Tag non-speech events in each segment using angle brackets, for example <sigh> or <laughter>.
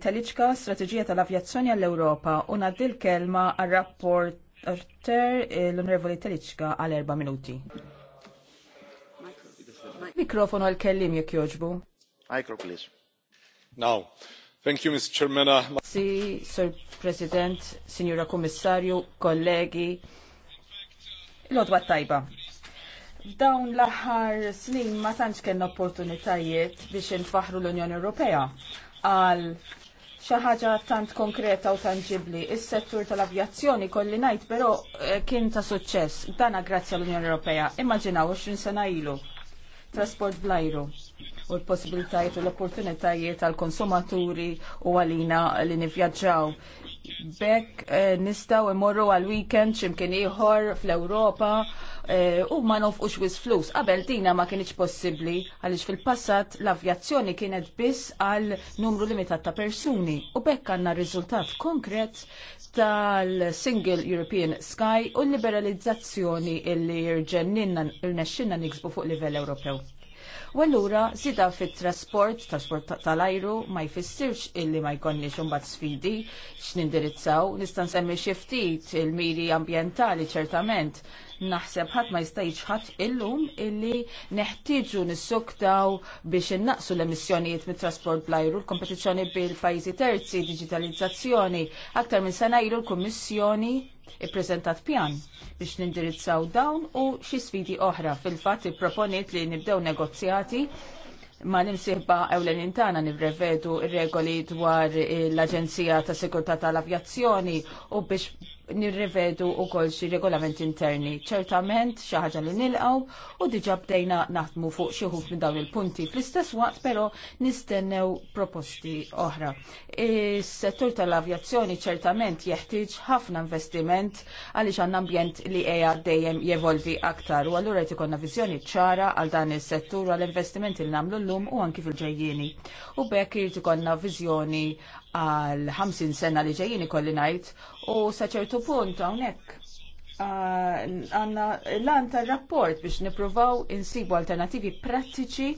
Teliċka strategija tal-avjazzjoni għall-Europa u naddi l-kelma għal-rapporter eh, l-Onorevoli Teliċka għal erba' minuti. Mikrofonu għal-kellim jek joġbu. Mikro, please. Now, thank you, Mr. Chairman. Si, Sir President, Signora Kommissarju, kollegi, l-odwa tajba. Dawn l-aħħar snin ma tantx kellna opportunitajiet biex infaħru l-Unjoni Ewropea għal xi ħaġa tant konkreta u tangibbli. Is-settur tal-avjazzjoni kolli ngħid però eh, kien ta' suċċess. Dana grazzi għall-Unjoni Ewropea. Immaġinaw 20 sena ilu. Trasport blajru u l-possibilitajiet u l-opportunitajiet għal konsumaturi u għalina li nivjaġġaw bekk eh, nistaw imorru għal weekend ximkien ieħor fl-Ewropa eh, u ma nofqux wis flus. Qabel dina ma kienx possibbli għaliex fil-passat l-avjazzjoni kienet biss għal numru limitat ta' persuni u bekk għandna riżultat konkret tal-Single European Sky u l liberalizzazzjoni illi rġenninna rnexxinna niksbu fuq livell Ewropew. U allura zida fit-trasport, trasport tal-ajru, ma jfissirx illi ma jkonniex imbagħad sfidi x'nindirizzaw, nista' nsemmi xi ftit il-miri ambjentali ċertament. Naħseb ħadd ma jistajġ ħadd illum illi neħtieġu nissuktaw biex innaqsu l-emissjonijiet mit-trasport bl-ajru, l-kompetizzjoni bil-pajjiżi terzi, digitalizzazzjoni. Aktar minn sena ilu l-Kummissjoni ippreżentat pjan biex nindirizzaw dawn u xi sfidi oħra. Fil-fatt ipproponiet li nibdew negozjati ma nimsiħba ewlenin tagħna nirrevedu r regoli dwar l-Aġenzija ta' Sigurtà tal-Avjazzjoni u biex Nirrivedu u koll xi regolament interni. ċertament xi ħaġa li nilqaw u diġà bdejna naħdmu fuq xi ħuf minn dawn il-punti. Fl-istess waqt però nistennew proposti oħra. Is-settur tal-avjazzjoni ċertament jeħtieġ ħafna investiment għaliex għandna ambjent li qiegħa dejjem jevolvi aktar u allura qed ikollna viżjoni ċara għal dan is-settur għall investimenti li nagħmlu llum u anki fil-ġejjieni. U bekk irid ikollna viżjoni għal 50 sena li ġejjini kolli ngħid u sa ċertu punt hawnhekk għanna l għanta rapport biex nipruvaw insibu alternativi prattiċi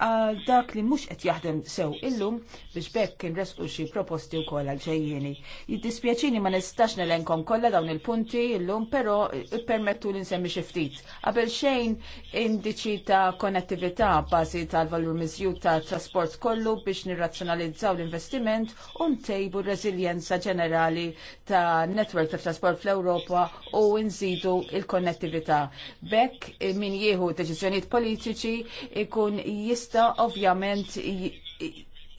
għal dak li mhux qed jaħdem sew illum biex bekk kien resqu xi proposti wkoll għal ġejjieni. Jiddispjaċini ma nistax nelenkom kollha dawn il-punti illum, però ippermettu li nsemmi xi ftit. Qabel xejn indiċi ta' konnettività bażi tal-valur miżjud ta' trasport kollu biex nirrazzjonalizzaw l-investiment u ntejbu r-reżiljenza ġenerali ta' netwerk ta' trasport fl-Ewropa u nżidu il-konnettività. Bekk min jieħu deċiżjonijiet politiċi ikun jista' jista' ovvjament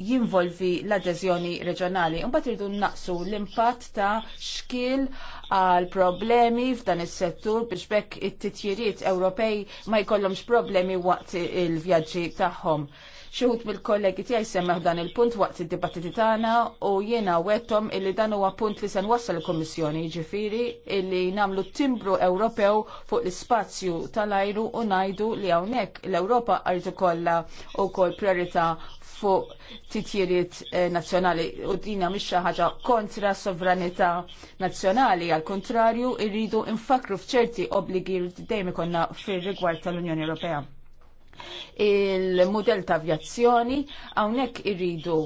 jinvolvi l-adeżjoni reġjonali. Imbagħad irridu naqsu l-impatt ta' xkil għal problemi f'dan is-settur biex bekk it-titjiriet Ewropej ma jkollhomx problemi waqt il-vjaġġi tagħhom. Xuħut mill-kollegi tijaj semmeħ dan il-punt waqt id-dibattiti tagħna u jiena wettom illi dan huwa punt li se nwassal il-Kummissjoni jiġifieri illi nagħmlu timbru Ewropew fuq l-ispazju tal-ajru u ngħidu li hawnhekk l-Ewropa qed ikollha wkoll priorità fuq titjiriet eh, nazzjonali u dina mhix xi ħaġa kontra sovranità nazzjonali għal kontrarju irridu infakru f'ċerti obbligi dejjem ikonna fir-rigward tal-Unjoni Ewropea il model ta' avjazzjoni, hawnhekk irridu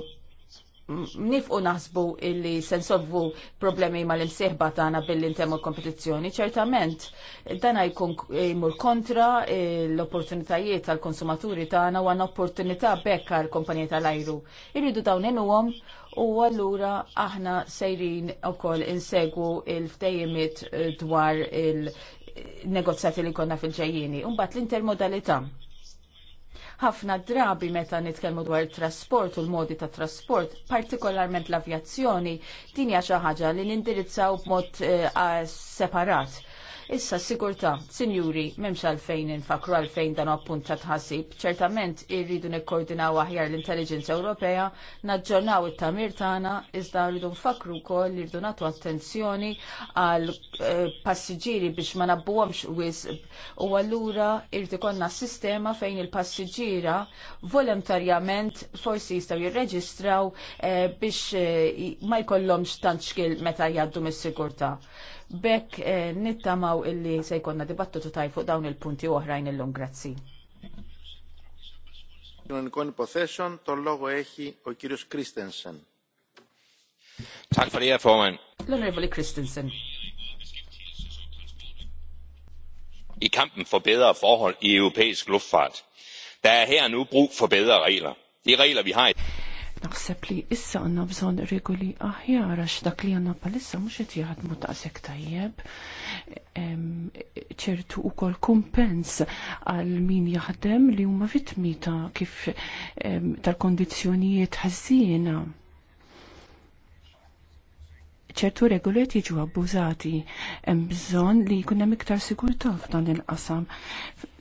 nifqu naħsbu illi se nsolvu problemi mal imsieħba tagħna billi ntemmu kompetizjoni, ċertament dan jkun jmur kontra l-opportunitajiet tal-konsumaturi tagħna u għandna opportunità bekka l kumpanija tal-ajru. Irridu dawn inhuhom u allura aħna sejrin ukoll insegu il-ftejjimiet dwar il-negozjati li konna fil-ġejjini. Umbat l-intermodalità ħafna drabi meta nitkellmu dwar trasport u l-modi ta' trasport, partikolarment l-avjazzjoni, din hija xi ħaġa li nindirizzaw b'mod eh, separat Issa sigurta, sinjuri, memx għalfejn infakru għalfejn dan appunt ta' tħassib, ċertament irridu nikkoordinaw aħjar l-intelligence Ewropea, naġġornaw it-tamir tagħna, iżda rridu nfakru wkoll li rridu nagħtu attenzjoni għal eh, passiġġieri biex ma nabbuhomx wis u allura irridu ikollna sistema fejn il-passiġġiera volontarjament forsi jistgħu jirreġistraw eh, biex eh, ma jkollhomx tant xkil meta jgħaddu mis-sigurtà. Bekk eh, nittamaw illi sejkonna jkollna dibattitu taj fuq dawn il-punti oħrajn illum grazzi. possession, υποθέσεων, logo eħi o ο κύριος Tak fari e fomen. L-onorevoli Christensen. I kampen for bedre forhold i europæisk luftfart, der er her nu brug for bedre regler. De regler, vi har i Naħseb li issa għanna bżon regoli aħjar għax dak li għanna palissa mux qed jaħdmu taqsek tajjeb. ċertu kol kumpens għal min jaħdem li huma vitmi ta' kif tal kondizjonijiet ħazzina ċertu regoli jiġu abbużati. Hemm bżonn li jkun hemm iktar sigurtà f'dan il-qasam.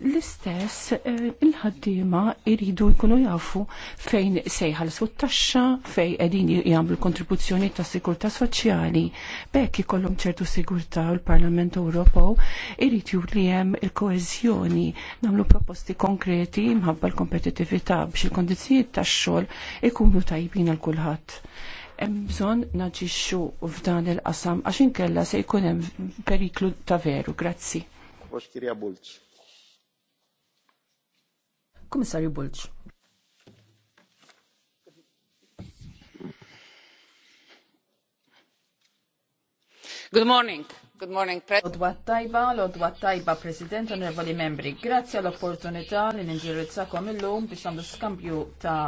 L-istess eh, il-ħaddiema jridu jkunu jafu fejn sejħal taxxa fejn qegħdin jagħmlu kontribuzzjoni ta' sigurtà soċjali. Bekk ikollhom ċertu sigurtà u l-Parlament Ewropew irid jur li hemm il-koeżjoni nagħmlu proposti konkreti mħabba l-kompetitività biex il-kondizzjonijiet tax-xogħol ikunu tajbin għal kulħadd hemm bżonn naġixxu f'dan il-qasam għax inkella se jkun hemm periklu ta' veru. Grazzi. Kummissarju Bulċ. Good morning. Good morning, President. Lodwa tajba, lodwa tajba, President, onorevoli membri. Grazzi għall-opportunità li ninġirizzakom il-lum biex għandu skambju ta'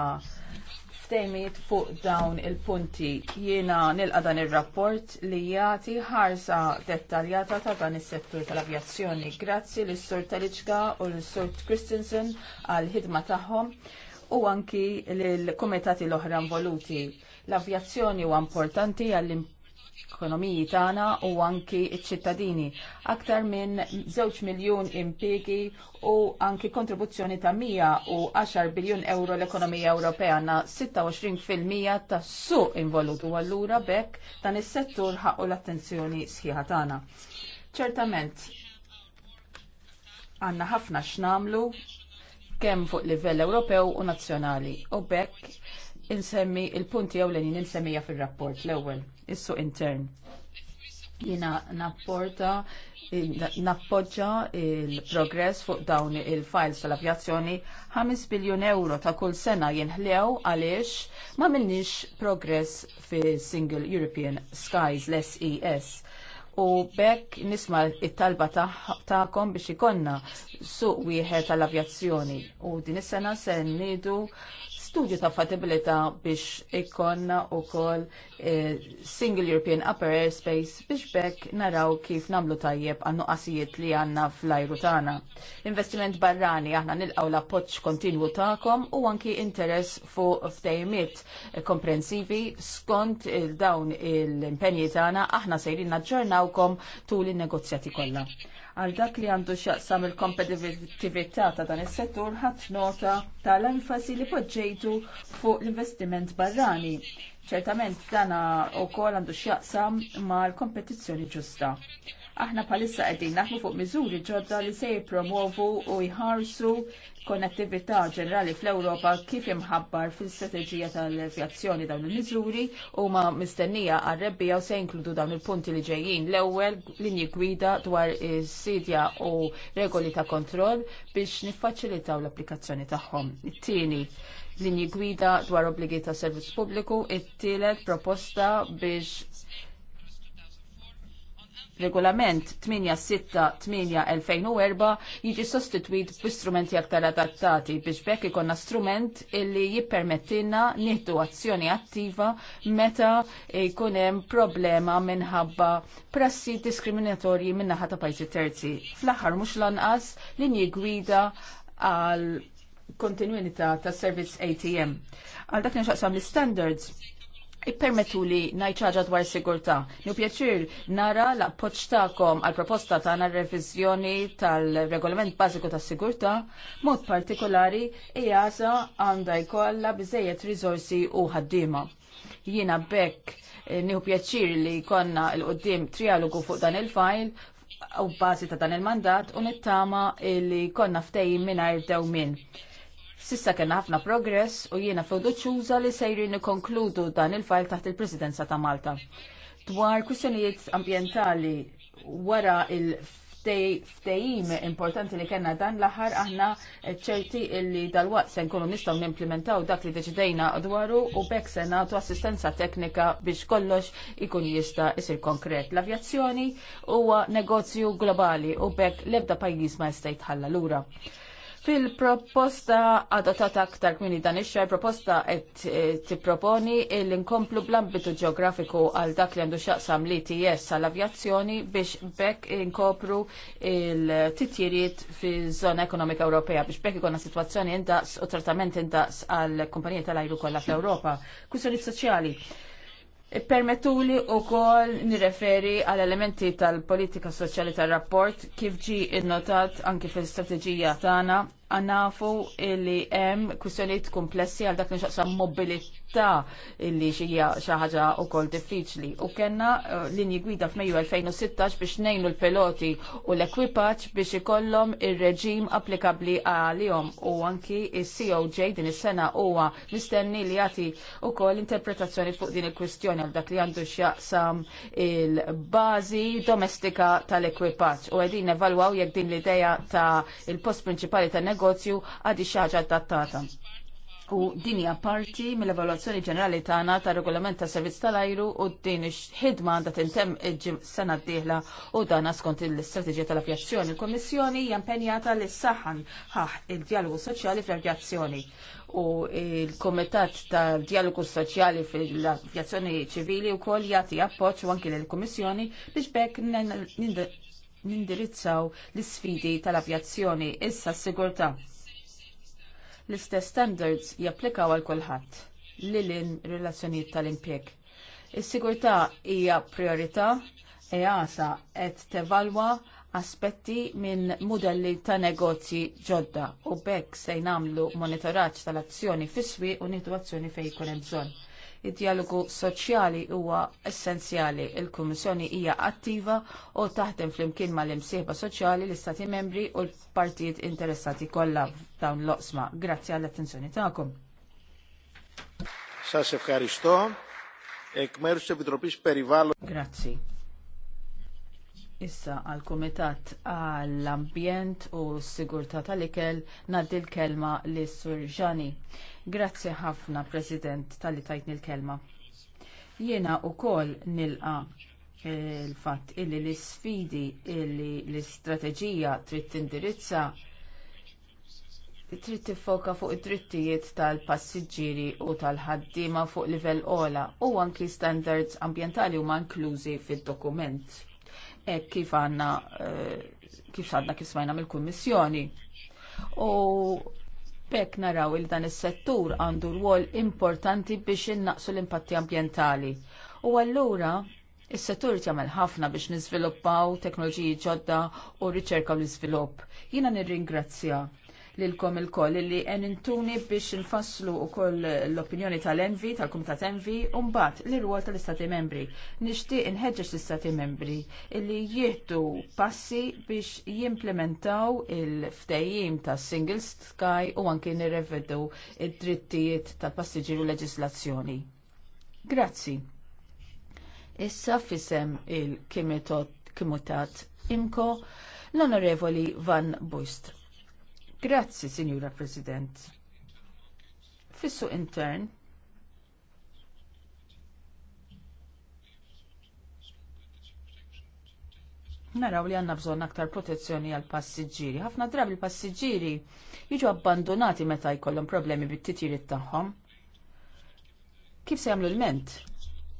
ftejmiet fuq dawn il-punti. Jiena nilqa dan ir-rapport li jagħti ħarsa dettaljata ta' dan is-settur tal-avjazzjoni. Grazzi lis sur Talicka u lis sur Christensen għall ħidma tagħhom u anki lill kumitati l-oħra involuti. L-avjazzjoni huwa importanti għall ekonomiji tagħna u anki ċ-ċittadini. Aktar minn 2 miljun impjiegi u anki kontribuzzjoni ta' 110 biljun euro l-ekonomija Ewropea na 26% tas-suq involut u allura bekk dan is-settur ħaqqu l-attenzjoni sħiħa tagħna. Ċertament għandna ħafna x'namlu kemm fuq livell Ewropew u nazzjonali. U bekk insemmi il-punti ewlenin insemmija fil-rapport l-ewwel, is-suq intern. Jiena napporta nappoġġa il-progress fuq dawn il-files tal-avjazzjoni 5 biljun euro ta' kull sena jinħlew għaliex ma minnix progress fi Single European Skies l-SES. E U bekk nisma it-talba ta'kom biex ikonna suq wieħed tal-avjazzjoni. U din is-sena se nidu studju ta' fatibilita biex ikonna u kol eh, Single European Upper Airspace biex bekk naraw kif namlu tajjeb għannu qasijiet li għanna fl-ajru tagħna. Investiment barrani aħna nilqaw l-appoġġ kontinwu tagħkom u anki interess fuq ftejmiet komprensivi skont il-dawn il-impenji tagħna aħna sejrin naġġornawkom tul in-negozjati kollha. Għal dak li għandu xaqsam il-kompetitività ta' dan is-settur ħadd nota tal-enfasi li poġġejtu fuq l-investiment barrani. Ċertament dana ukoll għandu x'jaqsam mal kompetizzjoni ġusta. Aħna palissa qegħdin naħmu fuq miżuri ġodda li se jippromovu u jħarsu konnettività ġenerali fl-Ewropa kif imħabbar fil-strateġija tal-avjazzjoni dawn il-miżuri u ma mistennija għarrebbija u se jinkludu dawn il-punti li ġejjin l-ewwel linji gwida dwar is-sidja u regoli ta' kontroll biex niffaċilitaw l-applikazzjoni tagħhom. It-tieni linji gwida dwar obbligi ta' servizz pubbliku, it-tielet proposta biex regolament 868-2004 jiġi sostituit b'istrumenti aktar adattati biex bekk ikonna strument illi jippermettilna nieħdu azzjoni attiva meta jkun hemm problema minħabba prassi diskriminatorji min-naħa ta' pajjiżi terzi. Fl-aħħar mhux lanqas linji gwida għal kontinuità tas servizz ATM. Għal dak nixaqsam l-standards Ippermetu li najċaġa dwar sigurta. Nju pjaċir nara la poċtakom għal proposta ta' għana revizjoni tal-regolament bażiku ta' sigurta, mod partikolari ijasa e għanda jkolla bizzejiet rizorsi u ħaddima. Jina bekk eh, nju pjaċir li konna l-qoddim trialogu fuq dan il-fajl u bazi ta' dan il-mandat u nittama li konna ftejjim minn dew minn. Sissa kena ħafna progress u jiena fiduċjuża li sejri nikonkludu dan il-fajl taħt il-Presidenza ta' Malta. Dwar kwistjonijiet ambientali wara il- ftejim importanti li kena dan l-aħħar aħna ċerti illi dal-waqt se nkunu nistgħu nimplementaw dak li deċidejna dwaru u bekk se nagħtu assistenza teknika biex kollox ikun jista' isir konkret. L-avjazzjoni huwa negozju globali u bekk l-ebda pajjiż ma jista' jitħalla lura. Fil-proposta adottata aktar kmini dan ix il proposta qed eh, tipproponi l inkomplu bl-ambitu ġeografiku għal dak li għandu xaqsam li TS għal avjazzjoni biex bekk inkopru il-titjiriet fi żona ekonomika Ewropea biex bekk ikonna situazzjoni indaqs u trattament indaqs għal kumpanija tal-ajru kollha fl-Ewropa. Kwistjoni soċjali Permetuli u kol nireferi għal elementi tal-politika soċjali tal-rapport kif ġi innotat anki fil-strategija tagħna għanafu li hemm kwistjonijiet komplessi għal dak nxaqsa mobilità illi xija xi ħaġa wkoll diffiċli. U kellna eh, linji gwida f'Mejju 2016 biex ngħinu l peloti u l-ekwipaġġ biex ikollhom ir-reġim applikabbli għalihom u anki is-COJ din is-sena huwa mistenni li jagħti wkoll interpretazzjoni fuq din il-kwistjoni għal dak li għandu x'jaqsam il-bażi domestika tal-ekwipaġġ u qegħdin evalwaw jekk din l-idea ta' il-post prinċipali tan negozju għadi xaġa adattata. U din hija parti mill-evaluazzjoni ġenerali tagħna ta' regolament ta' servizz tal-ajru u din ix-ħidma għandha tintemm sena d-dieħla u dan skont l-istrateġija tal-avjazzjoni. Il-Kommissjoni hija impenjata li saħan ħaħ il-dialogu soċjali fl-avjazzjoni u il-Komitat tal-Dialogu Soċjali fil-Avjazzjoni Ċivili u jagħti appoġġ u anki lill-Kummissjoni biex bekk nindirizzaw l-isfidi tal-avjazzjoni issa s-sigurtà. L-istess standards japplikaw għal kulħadd li in relazzjonijiet tal-impjeg. Is-sigurtà hija priorità EASA qed tevalwa aspetti minn mudelli ta' negozji ġodda u bekk se jnamlu monitoraġġ tal-azzjoni fis-swieq u nitwazzjoni fejn ikun hemm bżonn. Id-dialogu soċjali huwa essenzjali. Il-Kummissjoni hija attiva u taħdem flimkien mal-imsieħba soċjali l-Istati membri u l-partijiet interessati kollha dawn l-oqsma. Grazzi għall-attenzjoni tagħkom. Σας ευχαριστώ. Εκ μέρους της Επιτροπής Περιβάλλον... Issa għal kumitat għall ambjent u s-sigurtà tal-ikel naddi l-kelma li sur Ġani. Grazzi ħafna, President, tal-li tajtni l-kelma. Jiena wkoll nilqa il fatt illi l isfidi illi l-istrateġija trid tindirizza trid tiffoka fuq id-drittijiet tal-passiġġieri u tal-ħaddiema fuq livell ola u anki standards ambjentali huma inklużi fid-dokument hekk kif għandna eh, kif għandna kif smajna mill-Kummissjoni. U bekk naraw il dan is-settur għandu rwol importanti biex innaqsu l-impatti ambjentali. U allura Is-settur jagħmel ħafna biex niżviluppaw teknoloġiji ġodda u riċerka u l-iżvilupp. Jiena nirringrazzja lilkom il-koll li enintuni biex nfasslu u koll l-opinjoni tal-Envi, tal-Kumitat Envi, umbat l ruol tal-Istati Membri. Nishti nħedġeġ l-Istati Membri illi jieħdu passi biex jimplementaw il ftejim ta' Single Sky u anki nirrevedu id-drittijiet tal-passiġiru leġislazzjoni. Grazzi. Issa fisem il-Kimitat Imko l-Onorevoli Van Buist. Grazzi, Signora President. Fissu intern. Naraw li għanna bżon aktar protezzjoni għal passiġġieri. Ħafna drabi l-passiġġieri jiġu abbandonati meta jkollhom problemi bit-titjiriet tagħhom. Kif se jagħmlu l-ment?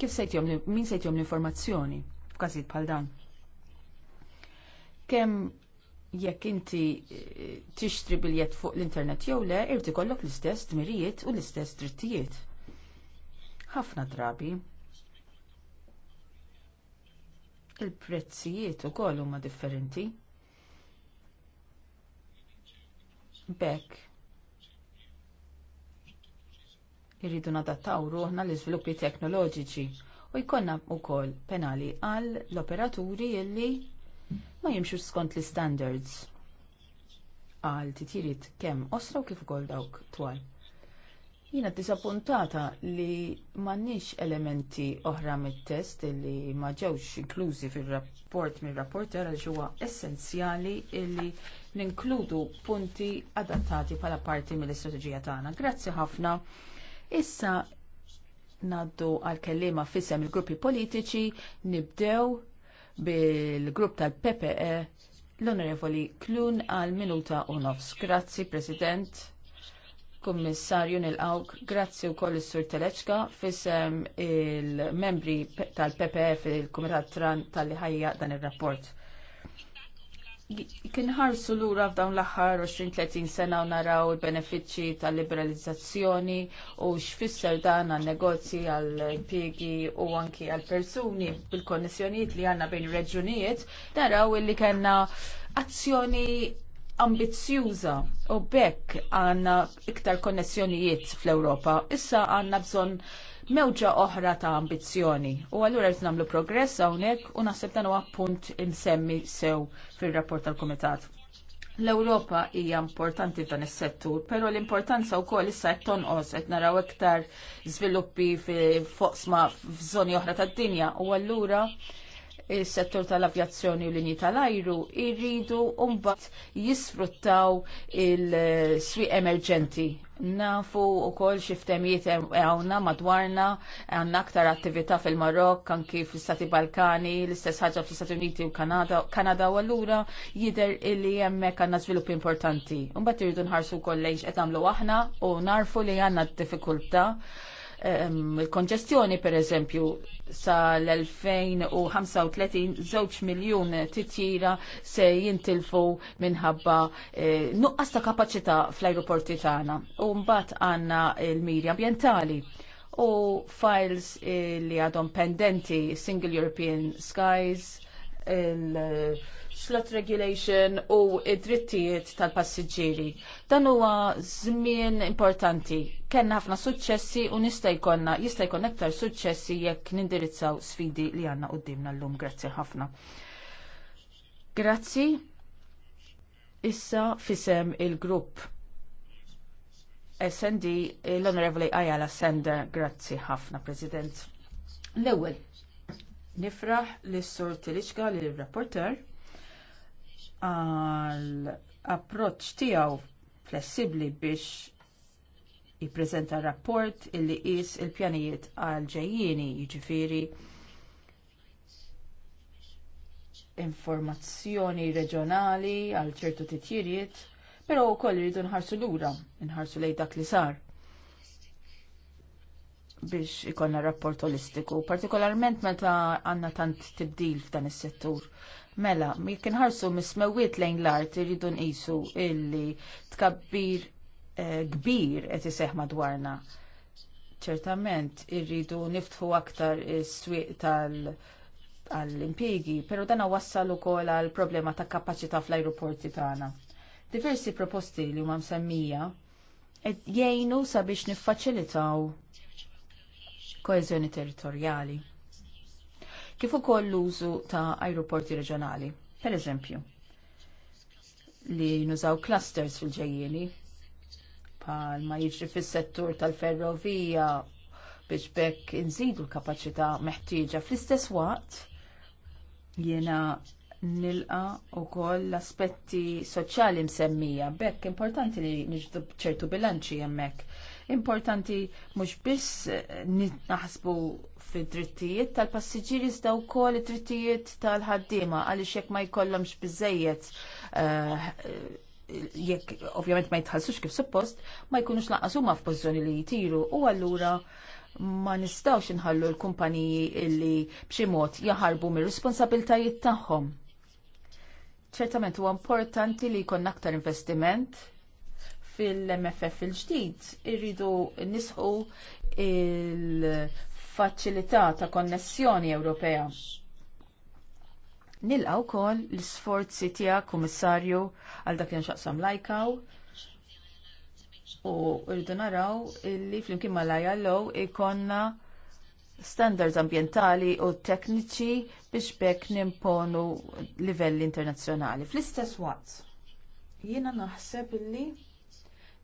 Kif se min se jtjom l-informazzjoni f'każijiet bħal dan? Kemm jekk inti eh, tixtri biljett fuq l-internet jew le, irti kollok l-istess dmirijiet u l-istess drittijiet. Ħafna drabi. Il-prezzijiet ukoll huma differenti. B'hekk, Irridu nadattaw ruħna l-iżviluppi teknoloġiċi u jkollna wkoll penali għall operaturi illi ma jimxux skont l-standards għal titirit kemm osra u kif ukoll dawk twal. Jiena disappuntata li m'għandniex elementi oħra mit-test li ma ġewx inklużi fir-rapport mir-rapporter għal huwa essenzjali li ninkludu punti adattati bħala parti mill-istrateġija tagħna. Grazzi ħafna. Issa ngħaddu għal kelliema fissem il-gruppi politiċi nibdew bil-grupp tal-PPE l-Onorevoli Klun għal minuta u nofs. Grazzi, President, Kummissarju nil-Awk, grazzi u koll sur Teleċka fisem il-membri tal-PPE fil-Kumitat Tran tal-ħajja dan il-rapport kien ħarsu lura f'dawn l-aħħar 20-30 sena u naraw il-benefiċċji tal-liberalizzazzjoni u x'fisser dan għan-negozji għall-impjiegi u anki għall-persuni bil-konnessjonijiet li għandna bejn reġunijiet, naraw illi kellna azzjoni ambizzjuża u bekk għandna iktar konnessjonijiet fl-Ewropa. Issa għandna bżonn mewġa oħra ta' ambizzjoni. U allura qed nagħmlu progress hawnhekk u naħseb dan huwa punt insemmi sew fir-rapport tal-Kumitat. L-Ewropa hija importanti f'dan is-settur, però l-importanza wkoll issa qed tonqos qed naraw iktar żviluppi fi foqsma f'żoni oħra tad-dinja u allura il-settur tal-avjazzjoni u linji tal-ajru irridu mbagħad jisfruttaw il swiq emerġenti. Nafu u koll xiftemijiet għawna madwarna għanna aktar attività fil-Marok, anki l stati Balkani, l-istess ħagġa fil-Stati Uniti u Kanada u għallura jider illi jemmek għanna svilup importanti. Unbat irridu nħarsu koll lejx għetamlu aħna u narfu li għanna d-difikulta il-konġestjoni per eżempju sal-2035 żewġ miljun titjira se jintilfu minħabba eh, nuqqas ta' kapaċità fl-ajruporti tagħna. U mbagħad għandna l-miri ambjentali u files eh, li għadhom pendenti Single European Skies, il- slot regulation u id-drittijiet tal-passiġġieri. Dan huwa żmien importanti. Kenna ħafna suċċessi u nista' jkollna jista' jkun aktar suċċessi jekk nindirizzaw sfidi li għandna qudiemna llum. Grazzi ħafna. Grazzi. Issa fisem il-grupp SND l-Onorevoli Ayala Sender. Grazzi ħafna, President. L-ewwel, nifraħ lis sur Tiliċka li l-rapporter għal approċċ tiegħu flessibbli biex jippreżenta rapport illi qis il-pjanijiet għal ġejjieni jiġifieri informazzjoni reġjonali għal ċertu titjiriet, però wkoll iridu nħarsu lura, nħarsu lejn dak li sar biex ikonna rapport olistiku, partikolarment meta għandna tant tibdil f'dan is-settur. Mela, mi kien ħarsu mismewit lejn l-art irridu nqisu illi tkabbir eh, kbir qed iseħħ madwarna. Ċertament irridu niftħu aktar is-swieq tal- għall però dan wassal ukoll għal problema ta' kapaċità fl-ajruporti tagħna. Diversi proposti li huma msemmija qed jgħinu sabiex niffaċilitaw koeżjoni territorjali kif ukoll l-użu ta' ajruporti reġjonali. Per eżempju, li nużaw clusters fil-ġejjieni palma jiġri fis-settur tal-ferrovija biex bekk inżidu l-kapaċità meħtieġa fl-istess waqt jiena nilqa ukoll l-aspetti soċjali msemmija bekk importanti li niġdu ċertu bilanċi hemmhekk Importanti mhux biss eh, naħsbu fid-drittijiet tal-passiġġieri iżda wkoll id-drittijiet tal-ħaddiema għaliex jekk ma jkollhomx biżejjed eh, jekk ovvjament ma jitħallsux kif suppost, ma jkunux lanqas huma f'pożizzjoni li jtiru u allura ma nistawx inħallu l-kumpaniji illi b'xi mod jaħarbu mir-responsabiltajiet tagħhom. ċertament huwa importanti li jkollna aktar investiment fil-MFF il-ġdid irridu nisħu il-faċilità ta' konnessjoni Ewropea. Nilqaw kol l-sforzi tija kummissarju għal dak li nxaqsam lajkaw u rridu naraw illi flimkien ma lajallow ikonna standards ambientali u tekniċi biex bekk nimponu livelli internazzjonali. Fl-istess waqt, jiena naħseb illi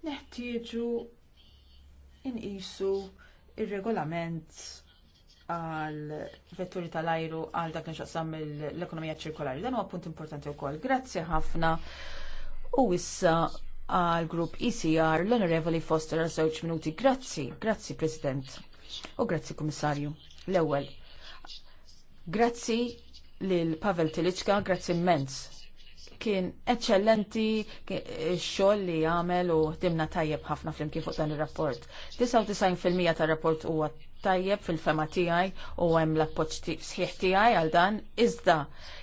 neħtieġu inqisu ir-regolament għal vetturi tal-ajru għal dak li xaqsam l-ekonomija ċirkolari. Dan huwa punt importanti wkoll. Grazzi ħafna. U issa għal grupp ECR l-Onorevoli Foster għal żewġ minuti. Grazzi, grazzi President. U grazzi Kummissarju. L-ewwel. Grazzi lil Pavel Tiliċka, grazzi immens kien eccellenti eh, xogħol li għamel u ħdimna tajjeb ħafna flimkien fuq dan ir-rapport. 99% tar-rapport huwa tajjeb fil-fema tiegħi u hemm l-appoġġ sħiħ tiegħi għal dan iżda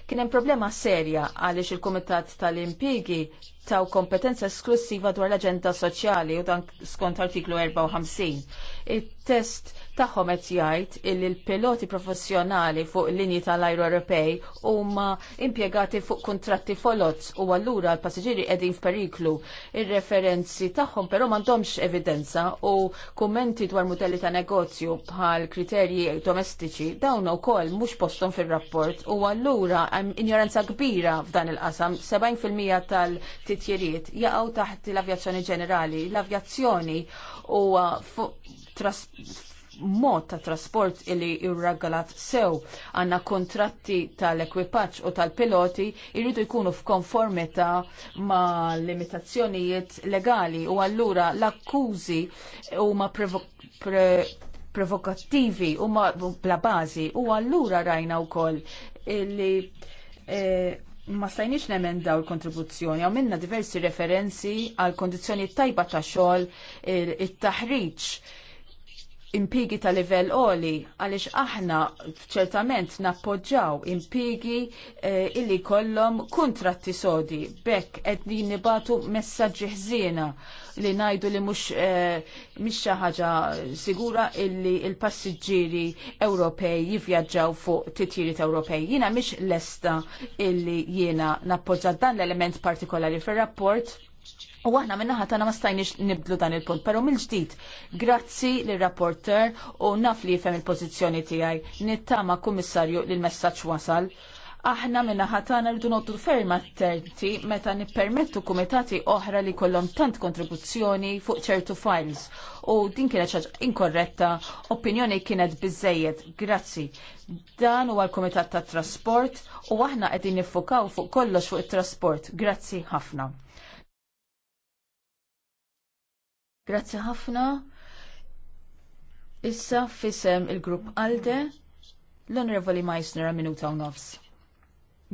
Kien hemm problema serja għaliex il-Kumitat tal-Impjigi taw kompetenza esklusiva dwar l-aġenda soċjali u dan skont artiklu 54. Il-test tagħhom qed jgħid illi l-piloti professjonali fuq linji tal-ajru Ewropej huma impjegati fuq kontratti folot u allura l-passiġieri qegħdin f'periklu. Ir-referenzi tagħhom però m'għandhomx evidenza u kummenti dwar modelli ta' negozju bħal kriterji domestiċi dawn ukoll mhux posthom fir-rapport u allura injoranza kbira f'dan il-qasam. 70% tal titjeriet jaqgħu taħt l-avjazzjoni ġenerali. L-avjazzjoni huwa mod ta' trasport illi irregolat sew għanna kontratti tal-ekwipaċ u tal-piloti irridu jkunu f'konformità ma' limitazzjonijiet legali u allura l-akkużi u ma' provokattivi u ma bla bażi u allura rajna wkoll illi eh, ma stajniex nemendaw il-kontribuzzjoni, għaw minna diversi referenzi għal kondizjoni tajba ta' xogħol it-taħriġ impigi ta' livell oli għaliex aħna ċertament nappoġġaw impigi eh, illi kollom kuntratti sodi bekk qed nibatu messaġġi ħzina li ngħidu li mhux eh, mhix xi ħaġa sigura illi l-passiġġieri Ewropej jivvjaġġaw fuq titjiriet Ewropej. Jiena mhix lesta illi jiena nappoġġa dan l-element partikolari fir-rapport U aħna minna ħatana ma stajniex nibdlu dan il-punt, pero mill-ġdid, grazzi l-rapporter u naf li jifem il-pozizjoni tijaj, nittama kummissarju li l-messagġ wasal. Aħna minna ħatana rridu nottu t-terti meta nippermettu kumitati oħra li kollom tant kontribuzzjoni fuq ċertu files u din kienet ċaġa inkorretta, opinjoni kienet bizzejed, grazzi. Dan huwa l-Kumitat tat Trasport u aħna qegħdin niffokaw fuq kollox fuq it-trasport, grazzi ħafna. Grazzi ħafna. Issa fisem il-grupp ALDE l-Onorevoli Meissner minuta u nofs.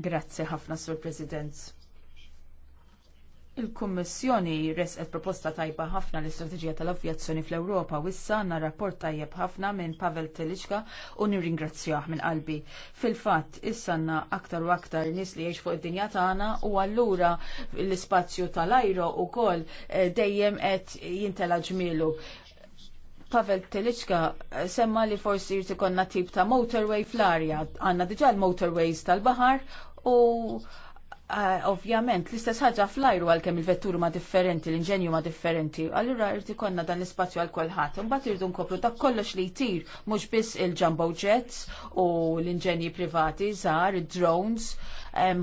Grazzi ħafna, Sur President. Il-Kummissjoni resqet proposta tajba ħafna l-istrateġija tal-avjazzjoni fl-Ewropa u issa għandna rapport tajjeb ħafna minn Pavel Teliċka u nirringrazzjah minn qalbi. Fil-fatt, issa għandna aktar u aktar nies li jgħix fuq id-dinja tagħna u allura l-ispazju tal-ajro kol eh, dejjem qed jintela ġmielu. Pavel Teliċka eh, semma li forsi jirtikonna tip ta' motorway fl-arja. Għanna diġa l-motorways tal-bahar u Eh, ovvjament, l-istess ħaġa fl-ajru kemm il-vetturi ma' differenti, l-inġenju ma' differenti, għallura irti konna dan l-ispazju għal kulħadd. Imbagħad irdu nkopru dak kollox li jtir, mhux biss il-jumbo jets u l-inġenji privati, żgħar, id-drones,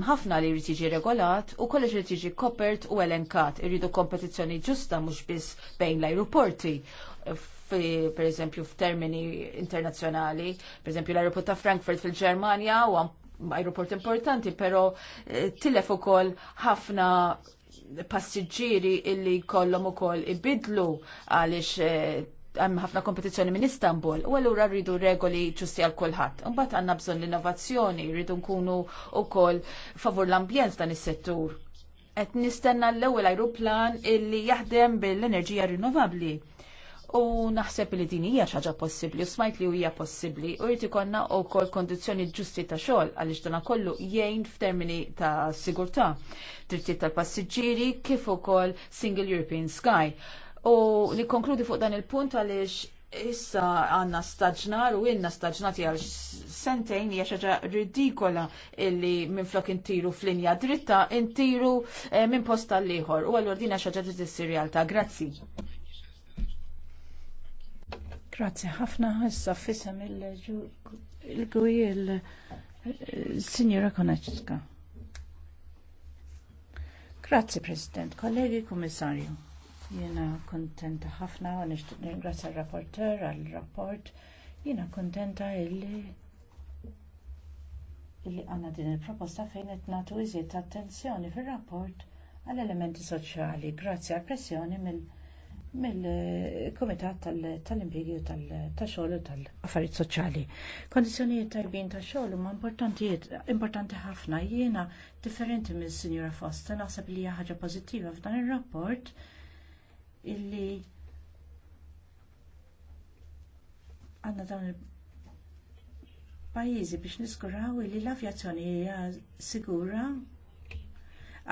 ħafna li jrid jiġi regolat u kollox irid jiġi kopert u elenkat. Irridu kompetizzjoni ġusta mhux biss bejn l-ajruporti per eżempju f'termini internazzjonali, per eżempju l-aeroport ta' Frankfurt fil-Ġermanja u aeroport importanti, pero eh, tilef ukoll ħafna passiġġieri illi u ukoll ibidlu għaliex eh, hemm ħafna kompetizzjoni minn Istanbul u allura rridu regoli ċusti għal kulħadd. Imbagħad għandna bżonn l-innovazzjoni, rridu nkunu wkoll favur l-ambjent dan is-settur. Qed nistenna l-ewwel ajruplan illi jaħdem bil-enerġija rinnovabbli u naħseb li din hija xi ħaġa possibbli u smajt li hija possibbli u jrid ikollna wkoll kondizzjoni ġusti ta' xogħol għaliex dan kollu jgħin f'termini ta' sigurtà, drittijiet tal-passiġġieri kif ukoll Single European Sky. U nikkonkludi fuq dan il-punt għaliex issa għanna staġnar u għinna staġnati għal sentejn hija xaġa ridikola illi minn flok intiru fl-linja dritta intiru eh, minn posta l-liħor u għallur dina xaġa ġiet issir realtà. Grazzi. Grazzi ħafna issa fissam il-gwi il signora Konaċka. Grazzi President, kollegi, komissarju. Jena kontenta ħafna u nishtiq ringrazzja l-rapporter għal-rapport. Jena kontenta illi illi għanna din il-proposta fejn qed nagħtu iżjed attenzjoni fir-rapport għall elementi soċjali grazzi għal pressjoni mill- mill-Komitat tal-Impjegi tal-Xogħol tal-Affarijiet Soċjali. Kondizzjonijiet tajbin tax-xogħol huma importanti ħafna jiena differenti minn Sinjura Foster naħseb li hija ħaġa pożittiva f'dan ir-rapport illi għandna dawn il-pajjiżi biex niskuraw li l-avjazzjoni hija sigura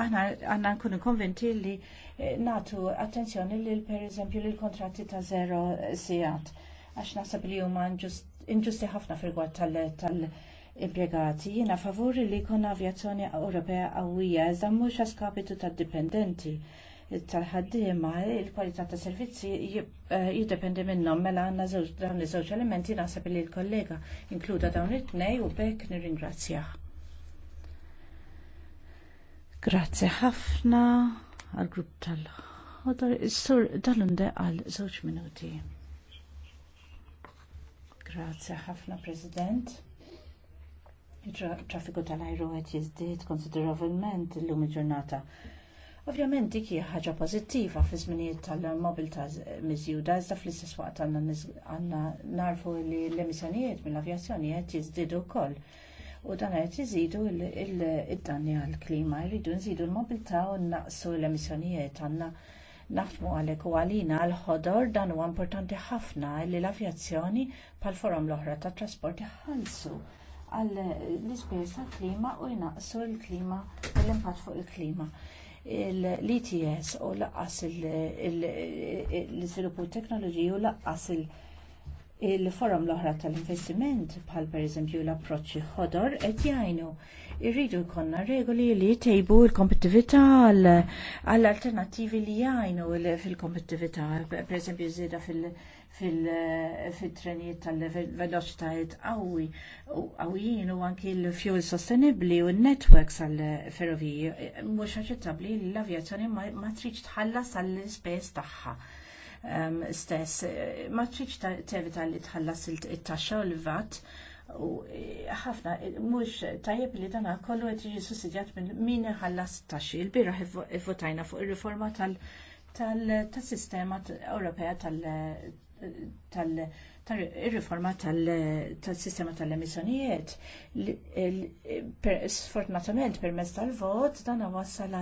aħna għanna nkunu konvinti li eh, natu attenzjoni li per eżempju li l-kontratti ta' zero sijat. Għax nasab li huma inġusti ħafna fil-gwad tal-impiegati. Jina favuri li konna avjazzjoni Ewropea għawija, iżda mhux għaskapitu tad-dipendenti tal-ħaddiema il-kwalità ta' servizzi eh, jiddependi minnhom mela għandna dawn iż-żewġ elementi naħseb li l-kollega inkluda dawn it-tnej u bekk nirringrazzjah. Grazzi ħafna għal-grupp tal-ħodar. Sur dal-unde għal żewġ minuti. Grazzi ħafna, President. Il-traffiku tal-ajru għet jizdiet konsiderevolment l-lum il-ġurnata. Ovvjament dik hija ħaġa pożittiva fi żminijiet tal mobil ta' miżjuda iżda fl-istess waqt għandna narfu li l-emissjonijiet mill-avjazzjoni qed jiżdiedu wkoll u dan qed iżidu id-danni għal klima Jridu nżidu l-mobilità u naqsu l-emissjonijiet għandna naħdmu għalhekk u għalina għal-ħodor dan huwa importanti ħafna li l-avjazzjoni bħal forom l-oħra tat trasport iħallsu għal l tal-klima u jnaqsu l-klima l-impatt fuq il-klima. L-ETS u laqqas l-iżviluppu teknoloġiju laqqas il-, -il, -il, il-forum l-oħra tal-investiment bħal pereżempju l-approċċi ħodor qed jgħinu irridu jkollna regoli li jtejbu l-kompetittività għall alternattivi li jgħinu fil-kompetittività, pereżempju żieda fil-trenijiet tal-veloċitajiet qawwi qawwijin u anki l-fuel sostenibbli u n-networks għall-ferroviji mhux aċċettabbli l-avjazzjoni ma tridx tħallas għall-ispejjeż tagħha Um, stess. Ma tridx tevita li tħallas it-taxxa u l-vat u eh, ħafna, eh, mux tajjeb li dana kollu għet jiġi sussidjat minn min ħallas taxxi. Il-bira votajna fuq il-riforma tal-sistema Ewropea tal-riforma tal-sistema tal emissionijiet Sfortunatament, permezz tal-vot, dana wassal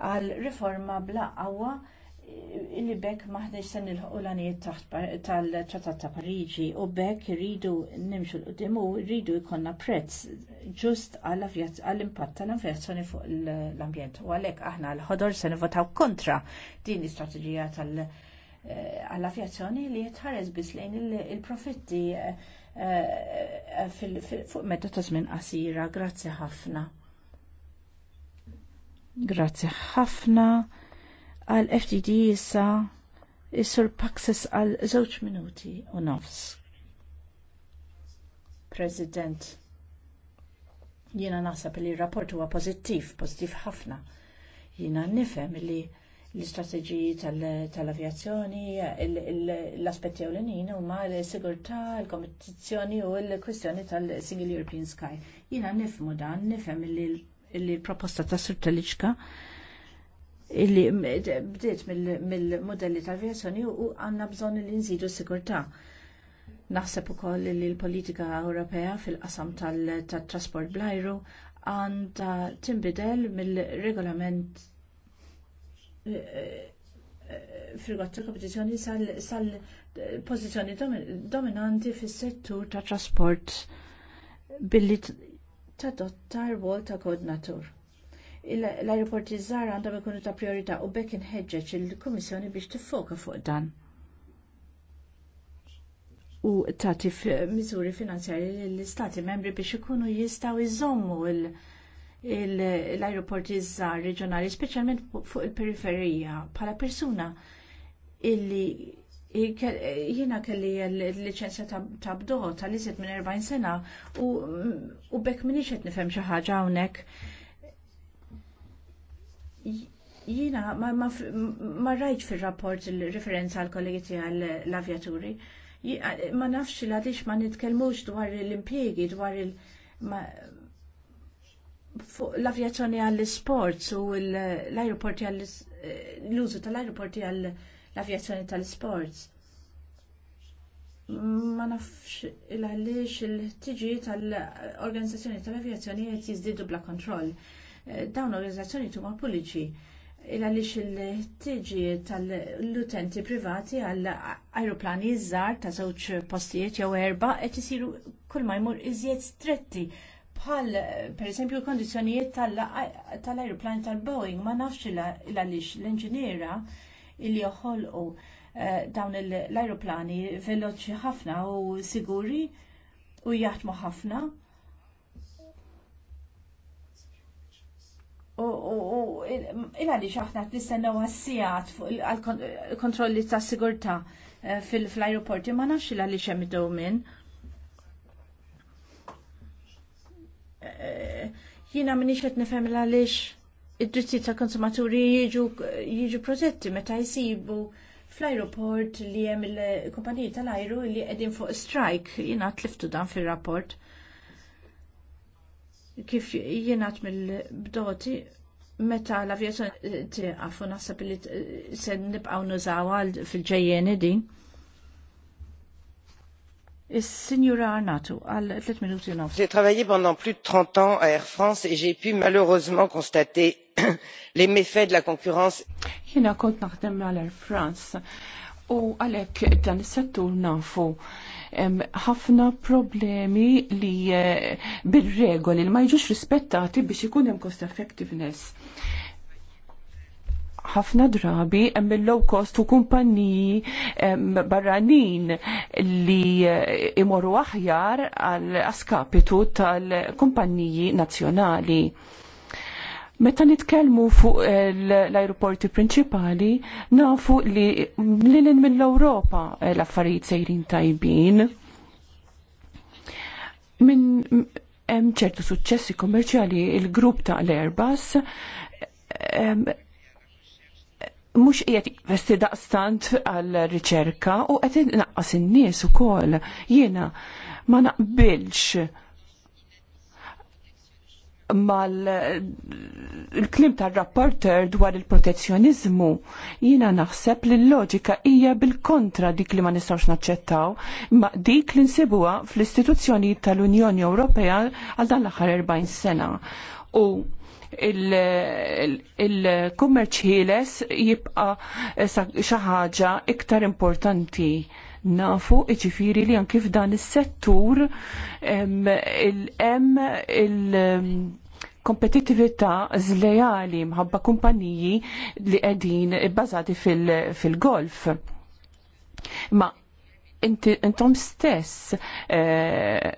għal riforma bla għawa illi bekk maħnex sen il-ħu l tal-ċatat ta' Pariġi u bekk rridu nimxu l-qdimu rridu jkonna prezz ġust għall-impatt tal avjazzjoni fuq l-ambjent u għalek aħna l-ħodor sen votaw kontra din l istrateġija tal-avjazzjoni eh, li jitħares bis lejn il-profitti eh, eh, fuq medda ta' żmien qasira. Grazzi ħafna. Grazzi ħafna għal FTD issa is paksis għal żewġ minuti u nofs. President, jiena naħseb li r-rapport huwa pożittiv, pozittiv ħafna. Jiena nifhem li l-istrateġiji tal-avjazzjoni, l-aspetti ewlenin huma l-sigurtà, l-kompetizzjoni u l-kwistjoni tal-Single European Sky. Jiena nifmu dan, nifhem li l-proposta ta' Sur Teliċka illi bdiet mill-modelli tal-avjazzjoni u għanna bżonn li nżidu s-sigurtà. Naħseb ukoll li l-politika Ewropea fil-qasam tal-trasport blajru għandha tinbidel mill-regolament eh, eh, frigotta kompetizzjoni sal-pożizzjoni dominanti fis-settur tat trasport billi tadotta r-wol ta' koordinatur l iż żgħar għandhom ikunu ta' priorità u bekk inħeġġeġ il-Kummissjoni biex tiffoka fuq dan. U tagħti miżuri finanzjarji lill-Istati membri biex ikunu jistgħu jżommu l iż żgħar reġjonali, speċjalment fuq il-periferija, bħala persuna illi jiena kelli l-licenzja ta' bdo tal minn 40 sena u bekk minix qed nifhem xi ħaġa hawnhekk Jina, ma, ma, ma rajt fil-rapport il-referenza għal kollegi għal avjaturi Ma nafx il ma nitkelmux dwar l-impiegi, dwar il- l-avjazzjoni għall-sports u l-aeroporti għall l-użu tal-aeroporti għall l-avjazzjoni avjazzjoni tal sports Ma nafx il-għalliex il-tiġi tal-organizzazzjoni tal-avjazzjoni għet jizdidu bla kontroll dawn organizzazzjoni huma politiċi il-għalix il-tiġi tal lutenti privati għal aeroplani iżżar ta' żewġ postijiet jew erba qed isiru kull ma jmur iżjed stretti bħal pereżempju l-kondizzjonijiet tal-aeroplani tal-Boeing ma nafx il-għalix l-inġiniera li joħolqu eh, dawn l-aeroplani veloċi ħafna u siguri u jaħdmu ħafna u il-għalli xaħna t-nistennaw għassijat għal-kontrolli ta' sigurta eh, fil-aeroporti ma' nafx il-għalli xemmidu minn. Eh, jina minix għet nifem l-għalix id-dritti ta' konsumaturi jiġu protetti meta jisibu fl-aeroport li jem il-kumpaniji tal-ajru li għedin fuq strike jina tliftu dan fil-rapport kif jienat mill-bdoti meta l-avjazzjoni tiqaf u naħseb li se nibqgħu nużawha fil-ġejjeni din. J'ai travaillé pendant plus de 30 ans à Air France et j'ai pu malheureusement constater <coughs> les méfaits de la concurrence. Jiena kont naħdem mal Air France u għalhekk dan is-settur nafu ħafna problemi li eh, bir-regoli li ma jiġux rispettati biex ikun hemm cost effectiveness. Ħafna drabi hemm il-low cost u kumpanniji barranin li eh, imorru aħjar għal askapitu tal-kumpanniji nazzjonali Meta nitkellmu fuq l-aeroporti prinċipali, nafu li lilin mill-Ewropa eh, l-affarijiet sejrin tajbin. Minn hemm ċertu suċċessi kommerċjali il-grupp ta' l-Airbus mux qiegħed investi daqstant għal riċerka u qed naqqas in-nies ukoll. Jiena ma naqbilx mal il-klim tal-rapporter dwar il-protezzjonizmu jina naħseb li l-loġika hija bil-kontra dik li ma nistawx naċċettaw ma dik li nsibuha fl-istituzzjoni tal-Unjoni Ewropea għal dan l-aħħar 40 sena. U il-kummerċ il ħieles jibqa xi ħaġa iktar importanti nafu iċifiri li anki f'dan is-settur il-em il- kompetitività zlejali mħabba kumpaniji li qegħdin bazati fil-golf. Fil Ma intom stess eh,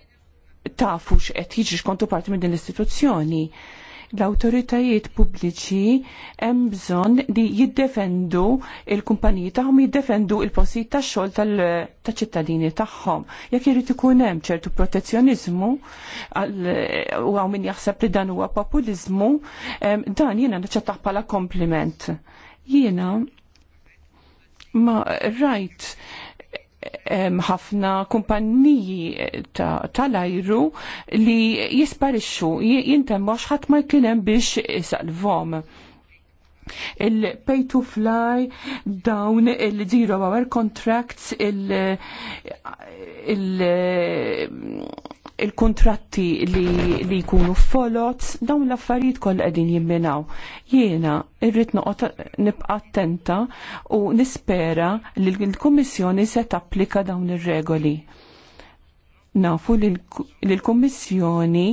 tafu x'qed jiġi kontu parti minn din l-istituzzjoni l-autoritajiet pubbliċi hemm bżonn li jiddefendu il-kumpaniji tagħhom jiddefendu il-postijiet tax-xogħol tal-ċittadini tagħhom. Jekk irid ikun hemm ċertu protezzjonizmu u hawn min jaħseb li dan huwa populiżmu, dan jiena naċċettaħ bħala kompliment. Jiena ma rajt right ħafna kumpanniji tal-ajru li jisparixxu jintem għax ħadd ma jkienem biex isalvom. Il-pay to fly, dawn il-zero hour contracts, il-, il il-kontratti li jkunu folots, dawn l-affarijiet kollha qegħdin jimminaw. Jiena irrid noqgħod nibqa' attenta u nispera li l-Kummissjoni se tapplika dawn ir-regoli nafu li l-Kommissjoni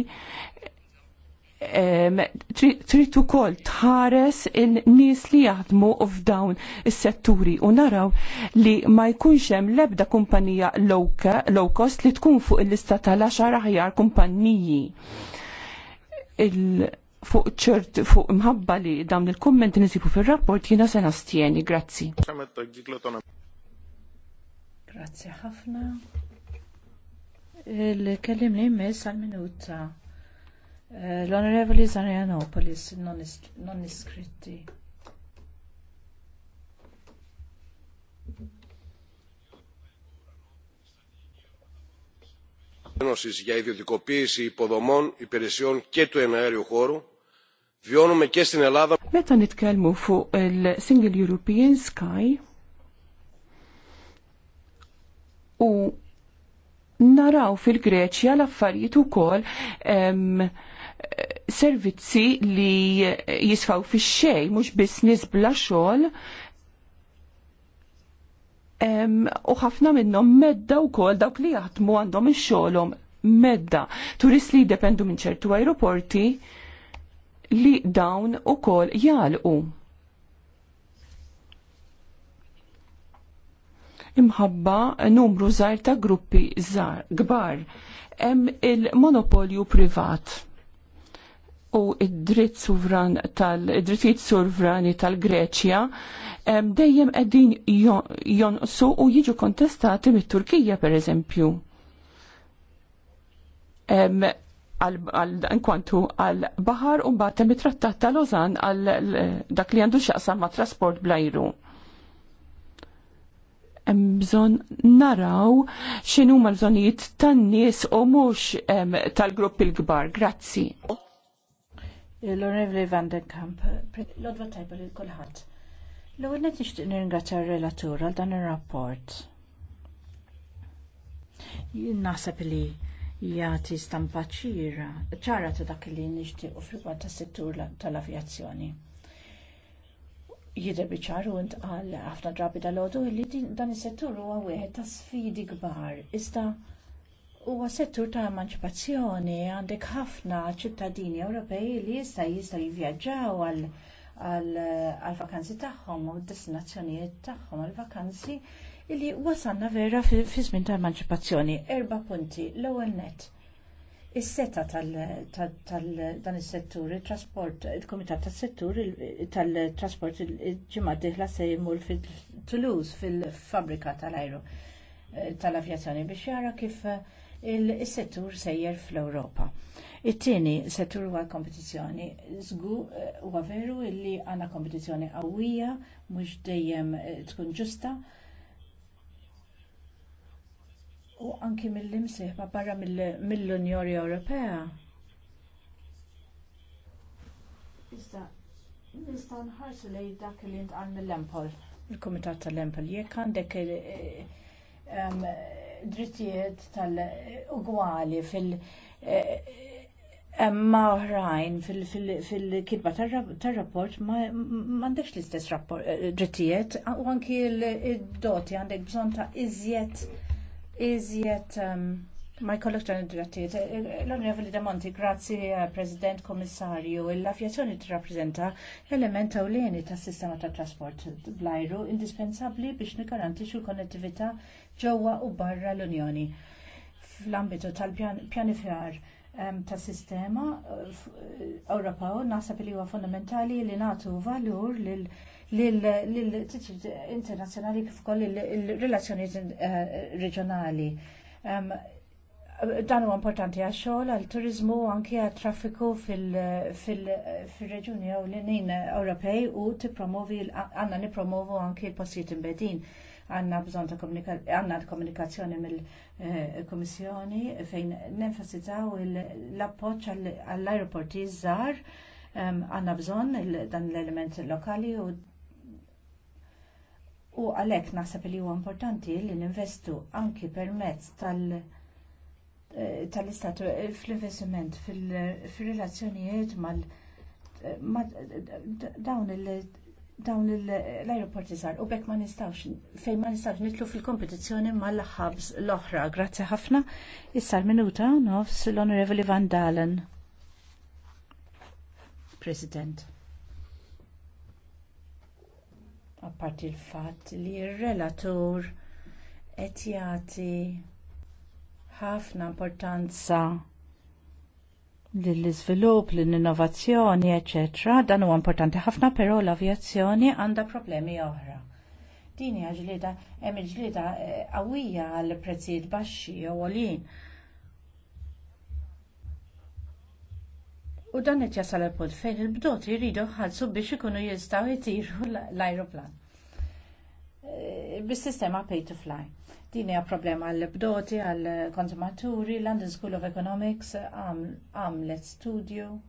trid ukoll tħares in nis li jaħdmu f'dawn is-setturi u naraw li ma jkunx hemm l-ebda kumpanija low cost li tkun fuq il-lista tal-10 aħjar kumpanniji. fuq ċert fuq mħabba li dawn il-kummenti nisibu fir-rapport jiena sena stjeni. grazzi. Grazzi ħafna. Il-kellim li jmiss għal-minuta. L-Onorevoli Zarianopolis, non iskritti. Ένωσης για ιδιωτικοποίηση υποδομών, υπηρεσιών και του εναέριου χώρου, βιώνουμε και στην Ελλάδα. Μετά νιτκέλμου φου Single European Sky u naraw fil-Greċja l-affarijiet ukoll servizzi li jisfaw fi xej, mux bis bla xol, u ħafna minnom medda u kol dawk li jaħdmu għandhom il-xolom medda. Turist li jdependu minn ċertu aeroporti li dawn u kol jalqu. imħabba numru żgħar ta' gruppi żgħar kbar hemm il-monopolju privat u id-dritt suvran tal-drittijiet suvrani tal-Greċja dejjem qegħdin jonqsu u jiġu kontestati mit-Turkija pereżempju. Nkwantu għal baħar u mbagħad hemm it-trattat ta' Lozan għal dak li għandu x'aqsam ma' trasport blajru hemm bżonn naraw x'inhuma l bżonnijiet tan-nies u mhux tal-grupp il-kbar. Grazzi l-Onorevoli Van den Kamp, l-odva tajba li kolħat. L-għol net nishtiq nirringrazzja r-relatur għal dan il-rapport. Naħseb li jgħati stampa ċira, ċara ta' dak li nishtiq u frigwant tas settur tal-avjazzjoni jider biċar u għal ħafna drabi dal-għodu li dan is-settur huwa wieħed ta' sfidi kbar. Iżda huwa settur ta' emanċipazzjoni għandek ħafna ċittadini Ewropej li jista' jista' jivvjaġġaw għal vakanzi tagħhom u d-destinazzjonijiet tagħhom għall vakanzi li wasanna vera fi żmien ta' emanċipazzjoni. Erba' punti l-ewwel net. Is-seta tal-dan is-settur, it-trasport, il-Kumitat tas-settur tal-trasport il-ġimgħa d-dieħla se jmur fit toulouse fil-fabrika tal-ajru eh, tal-avjazzjoni biex jara kif il-settur sejjer fl-Ewropa. It-tieni settur huwa kompetizzjoni. Żgu eh, huwa veru li għandna kompetizzjoni qawwija mhux dejjem eh, tkun ġusta. U anki mill-imsieħba barra mill-Unjoni Ewropea. Issa, nista' nħarsu lejn dak li ntqal mill-Empol. Il-Kumitat tal-Empol jekk għandek eh, drittijiet tal-ugwali fil- Emma eh, eh, oħrajn fil-kitba tal-rapport m'għandekx l-istess eh, drittijiet ah, u anki l-doti għandek bżonn ta' iżjed iżjed ehm, Ma jkollok dan id-drattijiet. L-Onorevoli Damonti, grazzi eh, President Komissarju, l affjazzjoni t-rapprezenta element ewlieni tas sistema tat trasport bl-ajru indispensabbli biex nikaranti xul konnettività ġewwa u barra l-Unjoni. Fl-ambitu tal-pjanifjar ehm, tas sistema eh, Ewropew naħseb li huwa fondamentali li nagħtu valur lil lill internazzjonali kif ukoll il-relazzjonijiet eh, reġjonali ehm, dan huwa importanti għax xogħol għal turiżmu anke għat traffiku fil-reġuni jew l-inin Ewropej u tippromovi għandna nippromovu anke l-postijiet imbedin. Għandna bżonn ta' għandna komunikazzjoni mill-Kummissjoni eh, fejn nenfasizzaw l-appoġġ għall-ajruporti żgħar għandna bżonn dan l-element lokali u u għalhekk naħseb li huwa importanti li ninvestu anki permezz tal- tal-istat fl-investiment fil-relazzjonijiet mal dawn il- dawn l-aeroporti sar u bekk ma nistawx fejn ma nistawx nitlu fil-kompetizzjoni mal-ħabs l-oħra. Grazzi ħafna. Issa l-minuta nofs l-Onorevoli Van Dalen. President. Apparti l-fatt li r-relatur qed jagħti ħafna importanza lill-iżvilupp, l innovazzjoni eċetera, dan huwa importanti ħafna, però l-avjazzjoni għandha problemi oħra. Din hija ġlieda hemm ġlieda eh, qawwija għal prezzijiet baxxi jew għolin. U dan qed jasal il-punt fejn il-bdoti jridu ħalsu biex ikunu jistgħu jtiru l-ajruplan bis-sistema pay to fly. Din hija problema għall bdoti għall konsumaturi London School of Economics għamlet studju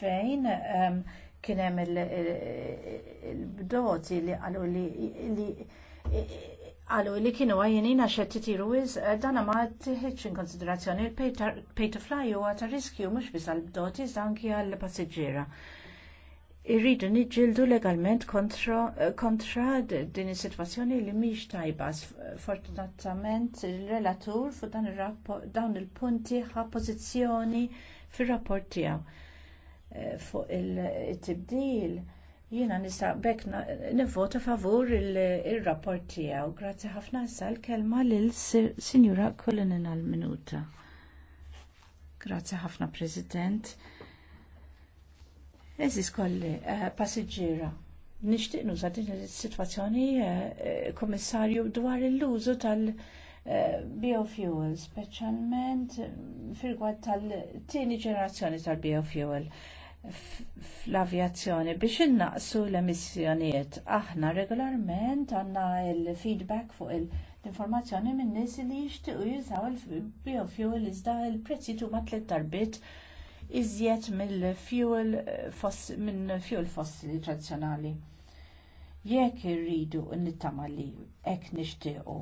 fejn um, kien hemm il-bdoti il il li qalu li għallu li kienu għajjenin għaxħed titiru iż eh, dan ma tiħiċ in konsiderazzjoni il-pay to fly u ta' riskju mhux biss għall-bdoti zanki għal għall-passiġġiera. Irridu niġġieldu legalment kontra, eh, din is-sitwazzjoni li mhix tajba. Fortunatament il-relatur fuq dawn il-punti ħa pozizjoni fir-rapport tiegħu eh, fuq il-tibdil. il tibdil Jiena nista' bekk nivvota favur il-rapport tiegħu. Grazzi ħafna sal kelma lil Sinjura Kolinen għal minuta. Grazzi ħafna President. Eżis kolli, eh, passiġġiera. Nixtieq nuża din is-sitwazzjoni eh, eh, Komissarju, dwar l-użu tal- biofuel, speċjalment fil-gwad tal-tieni ġenerazzjoni tal-biofuel fl-avjazzjoni biex innaqsu l-emissjonijiet. Aħna regolarment għandna l feedback fuq l-informazzjoni minn nies li jixtiequ jużaw il-biofuel iżda il-prezzi huma tliet darbit iżjed mill-fuel minn fuel fossili tradizzjonali. Jekk irridu nittama li hekk nixtiequ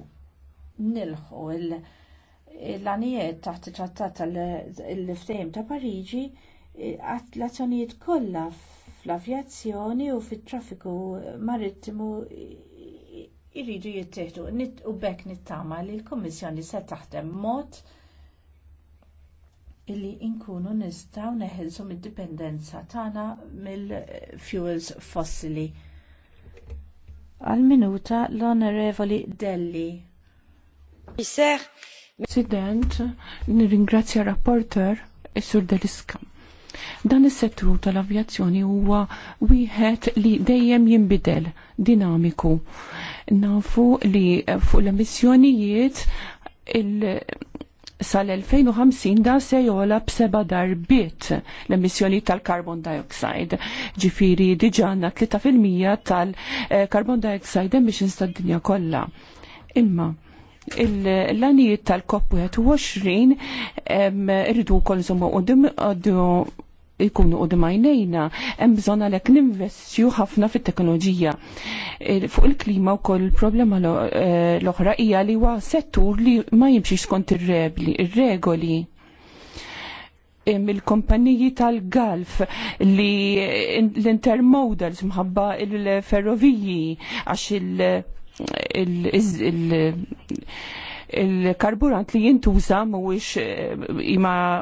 nilħu l-għanijiet taħt it-trattat tal-ftehim ta' Pariġi, l-azzjonijiet kollha fl-avjazzjoni u fit-traffiku marittimu jridu jittieħdu u bekk nittama li l-Kummissjoni se taħdem mod illi nkunu nistgħu neħilsu mid-dipendenza tagħna mill-fuels fossili. Għal minuta l-Onorevoli Delli. President, nirringrazzja rapporter Sur Deliska Dan is-settur tal-avjazzjoni huwa wieħed li dejjem jinbidel dinamiku. Nafu li fuq l-emissjonijiet sal-2050 da se jola b'seba darbiet l-emissjoni tal-carbon dioxide. Ġifiri diġanna 3% tal-carbon dioxide emissions tad-dinja kollha. Imma l-lanijiet tal-COP21 irridu kol nżommu ikunu u dimajnejna, hemm bżonn għalhekk ninvestju ħafna fit-teknoloġija. E, fuq il-klima wkoll il-problema e, l-oħra hija li huwa settur li ma jimxiex skont ir-regoli il-kompaniji tal-galf li l-intermodals mħabba il-ferroviji għax il-, il, il, il il-karburant li jintuża mhuwiex eh,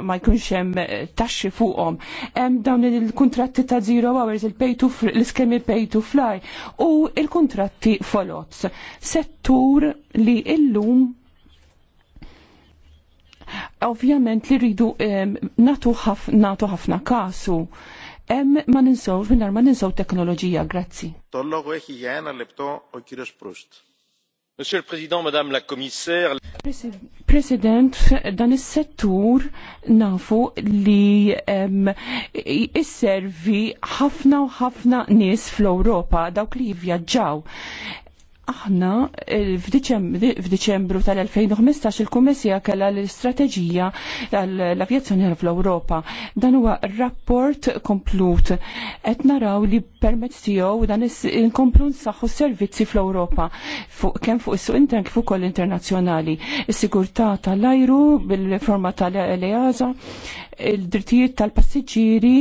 ma jkunx hemm eh, taxxi fuqhom. Hemm dawn il-kuntratti ta' zero hours il-pay to l-iskemi pay to fly u il-kuntratti folots. Settur li illum ovvjament li rridu ehm, natu ħafna kasu. Em ma ninsow, minnar ma ninsow teknoloġija, grazzi. Tollogu eħi jena lepto o kirjox Proust. President, dan is-settur nafu li isservi ħafna u ħafna nies fl-Ewropa dawk li jivvjaġġaw aħna f'Diċembru tal-2015 il-Kummissija kellha l-istrateġija tal-avjazzjoni fl-Ewropa. Dan huwa rapport komplut qed naraw li permezz tiegħu dan inkomplu nsaħħu servizzi fl-Ewropa kemm fuq is-suq intern kif ukoll internazzjonali. Is-sigurtà tal-ajru bil-forma tal-EASA il-drittijiet tal-passiġġieri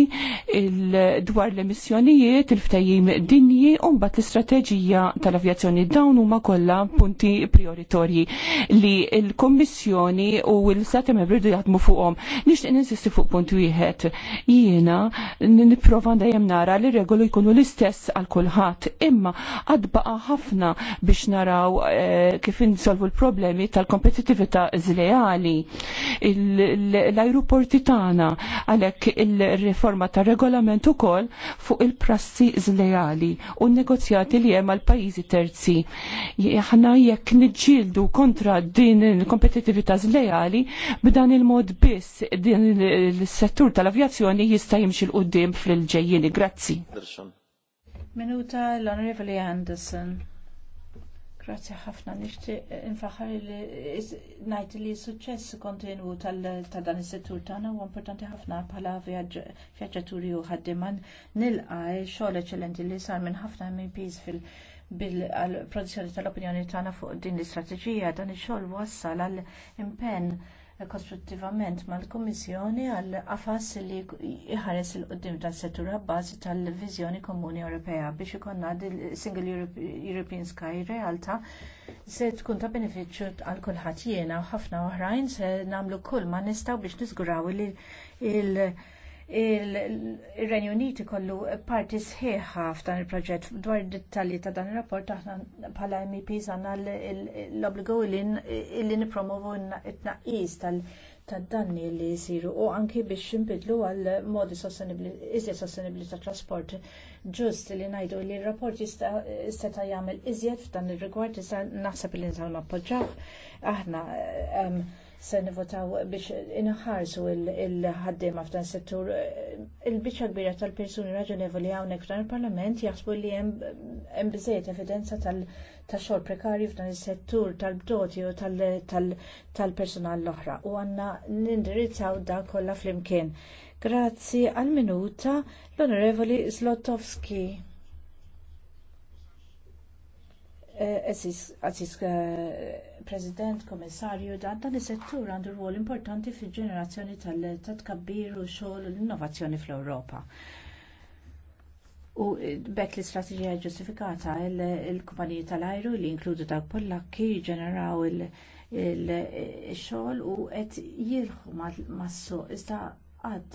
dwar l-emissjonijiet, il-ftajim dinji u mbagħad l-istrateġija tal-avjazzjoni dawn huma kollha punti prioritorji li l-Kommissjoni u l-Stati Membri jaħdmu fuqhom. Nixtieq ninsisti fuq punt wieħed. Jiena nipprova dejjem nara li regolu jkunu l-istess għal kulħadd, imma qatt baqa' ħafna biex naraw eh, kif insolvu l-problemi tal-kompetitività żleali. L-ajruporti tagħna tagħna għalhekk il-riforma tar regolament ukoll fuq il-prassi żlejali u n-negozjati li hemm għall pajjiżi terzi. Aħna jekk niġġieldu kontra din il-kompetittività żlejali b'dan il-mod biss din il-settur tal-avjazzjoni jista' jimxi l-qudiem fil-ġejjieni. Grazzi. Minuta l-Onorevoli Anderson. Grazzi ħafna, nixtieq eh, infaħar li ngħid li suċċess kontinwu ta' dan is-settur tagħna huwa importanti ħafna bħala vjaġġaturi u ħaddiman nilqa xogħol eċċellenti li sar minn ħafna MPs fil- bil-produzzjoni tal-opinjoni tagħna fuq din l-istrateġija dan ix-xogħol wassal għall impenn kostruttivament mal-Kummissjoni għal qafas li jħares il qudiem tas-settur għabbażi tal-Viżjoni Komuni Ewropea biex ikonna single European Sky realtà se tkun ta' benefiċċju għal kulħadd jiena u ħafna oħrajn se nagħmlu kull ma nistgħu biex niżguraw li il- il-Renju Uniti kollu parti sħiħa f'dan il-proġett dwar dettalji ta' dan il-rapport aħna bħala MEPs għanna l-obbligu li nipromovu it-naqis tal- tad-danni li jisiru u anki biex jimbidlu għal modi iżjed sostenibli ta' trasport. Ġust li ngħidu li r-rapport jista' ta' jagħmel iżjed f'dan ir-rigward issa naħseb li nsalma nappoġġjaw aħna se nivotaw biex inħarsu il-ħaddim f'dan settur. Il-biċċa kbira tal-persuni raġunevoli hawnhekk f'dan il-Parlament jaħsbu li hemm biżejjed evidenza tal-xogħol prekarju f'dan is-settur tal-bdoti u tal-personal l-oħra u għandna nindirizzaw dan kollha flimkien. Grazzi għal minuta l-Onorevoli Zlotowski. Eh, eh, President, Komissarju, dan dan is-settur għandu rwol importanti fil-ġenerazzjoni tal-tkabbir u xogħol l-innovazzjoni fl-Ewropa. U eh, bekk l-istrateġija ġustifikata il-kumpaniji tal-ajru li inkludu dawk pollakki ġeneraw il-xogħol u qed jilħu mas-suq iżda għad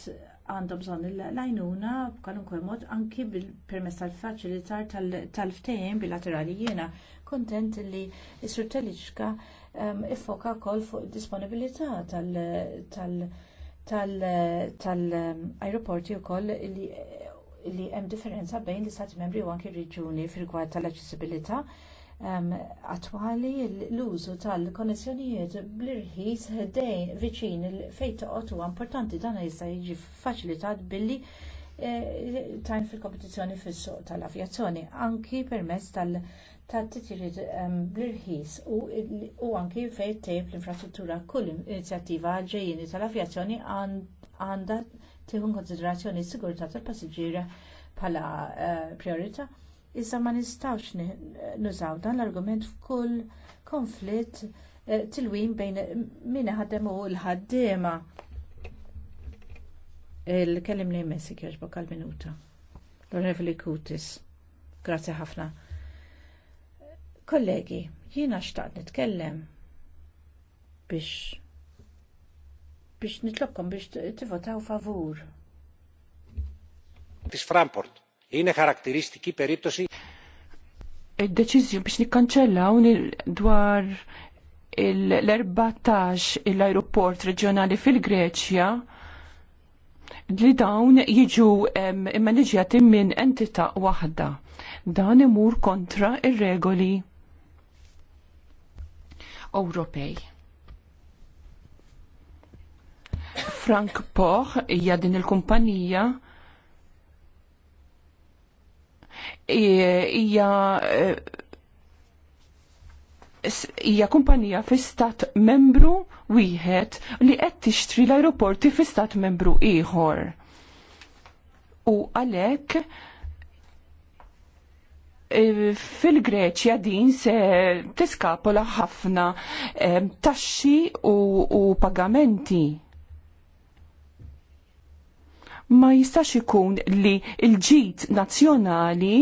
għandhom bżonn l-għajnuna b'kalunkwe mod anki bil-permess tal-faċilitar tal-ftehim bilaterali jiena kontent li s-sur Teliċka ehm, iffoka wkoll fuq id disponibilità tal-aeroporti wkoll li hemm differenza bejn l-istati membri u anki r-reġjuni fil-gwad tal-aċċessibilità attwali l-użu tal-konnessjonijiet bl-irħis ħdejn viċin fejn toqgħod huwa importanti dan jista' jiġi ffaċilitat billi eh, tajn fil-kompetizzjoni fis-suq tal-avjazzjoni anki permezz tal-titjiriet bl-irħis u anki fejn tejb l-infrastruttura kull inizjattiva ġejjini tal-avjazzjoni għandha tieħu konsiderazzjoni s-sigurtà tal-passiġġiera bħala eh, priorità Iżda ma nistawx nużaw dan l-argument f'kull konflitt tilwim bejn min ħaddem u l-ħaddiema. Il-kellim li jmessi kjerġba minuta L-Revli Kutis. Grazie ħafna. Kollegi, jiena xtaqt nitkellem biex biex nitlokkom biex tivotaw favur. Biex Framport. Είναι χαρακτηριστική περίπτωση. Id-deċiżjoni biex nikkanċellaw dwar l-14 l-aeroport reġjonali fil-Greċja li dawn jiġu immaneġjati minn entità waħda. Dan imur kontra ir-regoli Ewropej. Frank Poch hija din il-kumpanija hija eh, hija kumpanija fi stat membru wieħed li qed tixtri l-ajruporti fi stat membru ieħor. U għalhekk eh, fil-Greċja din se tiskapola ħafna eh, taxxi u pagamenti ma jistax ikun li il-ġit nazzjonali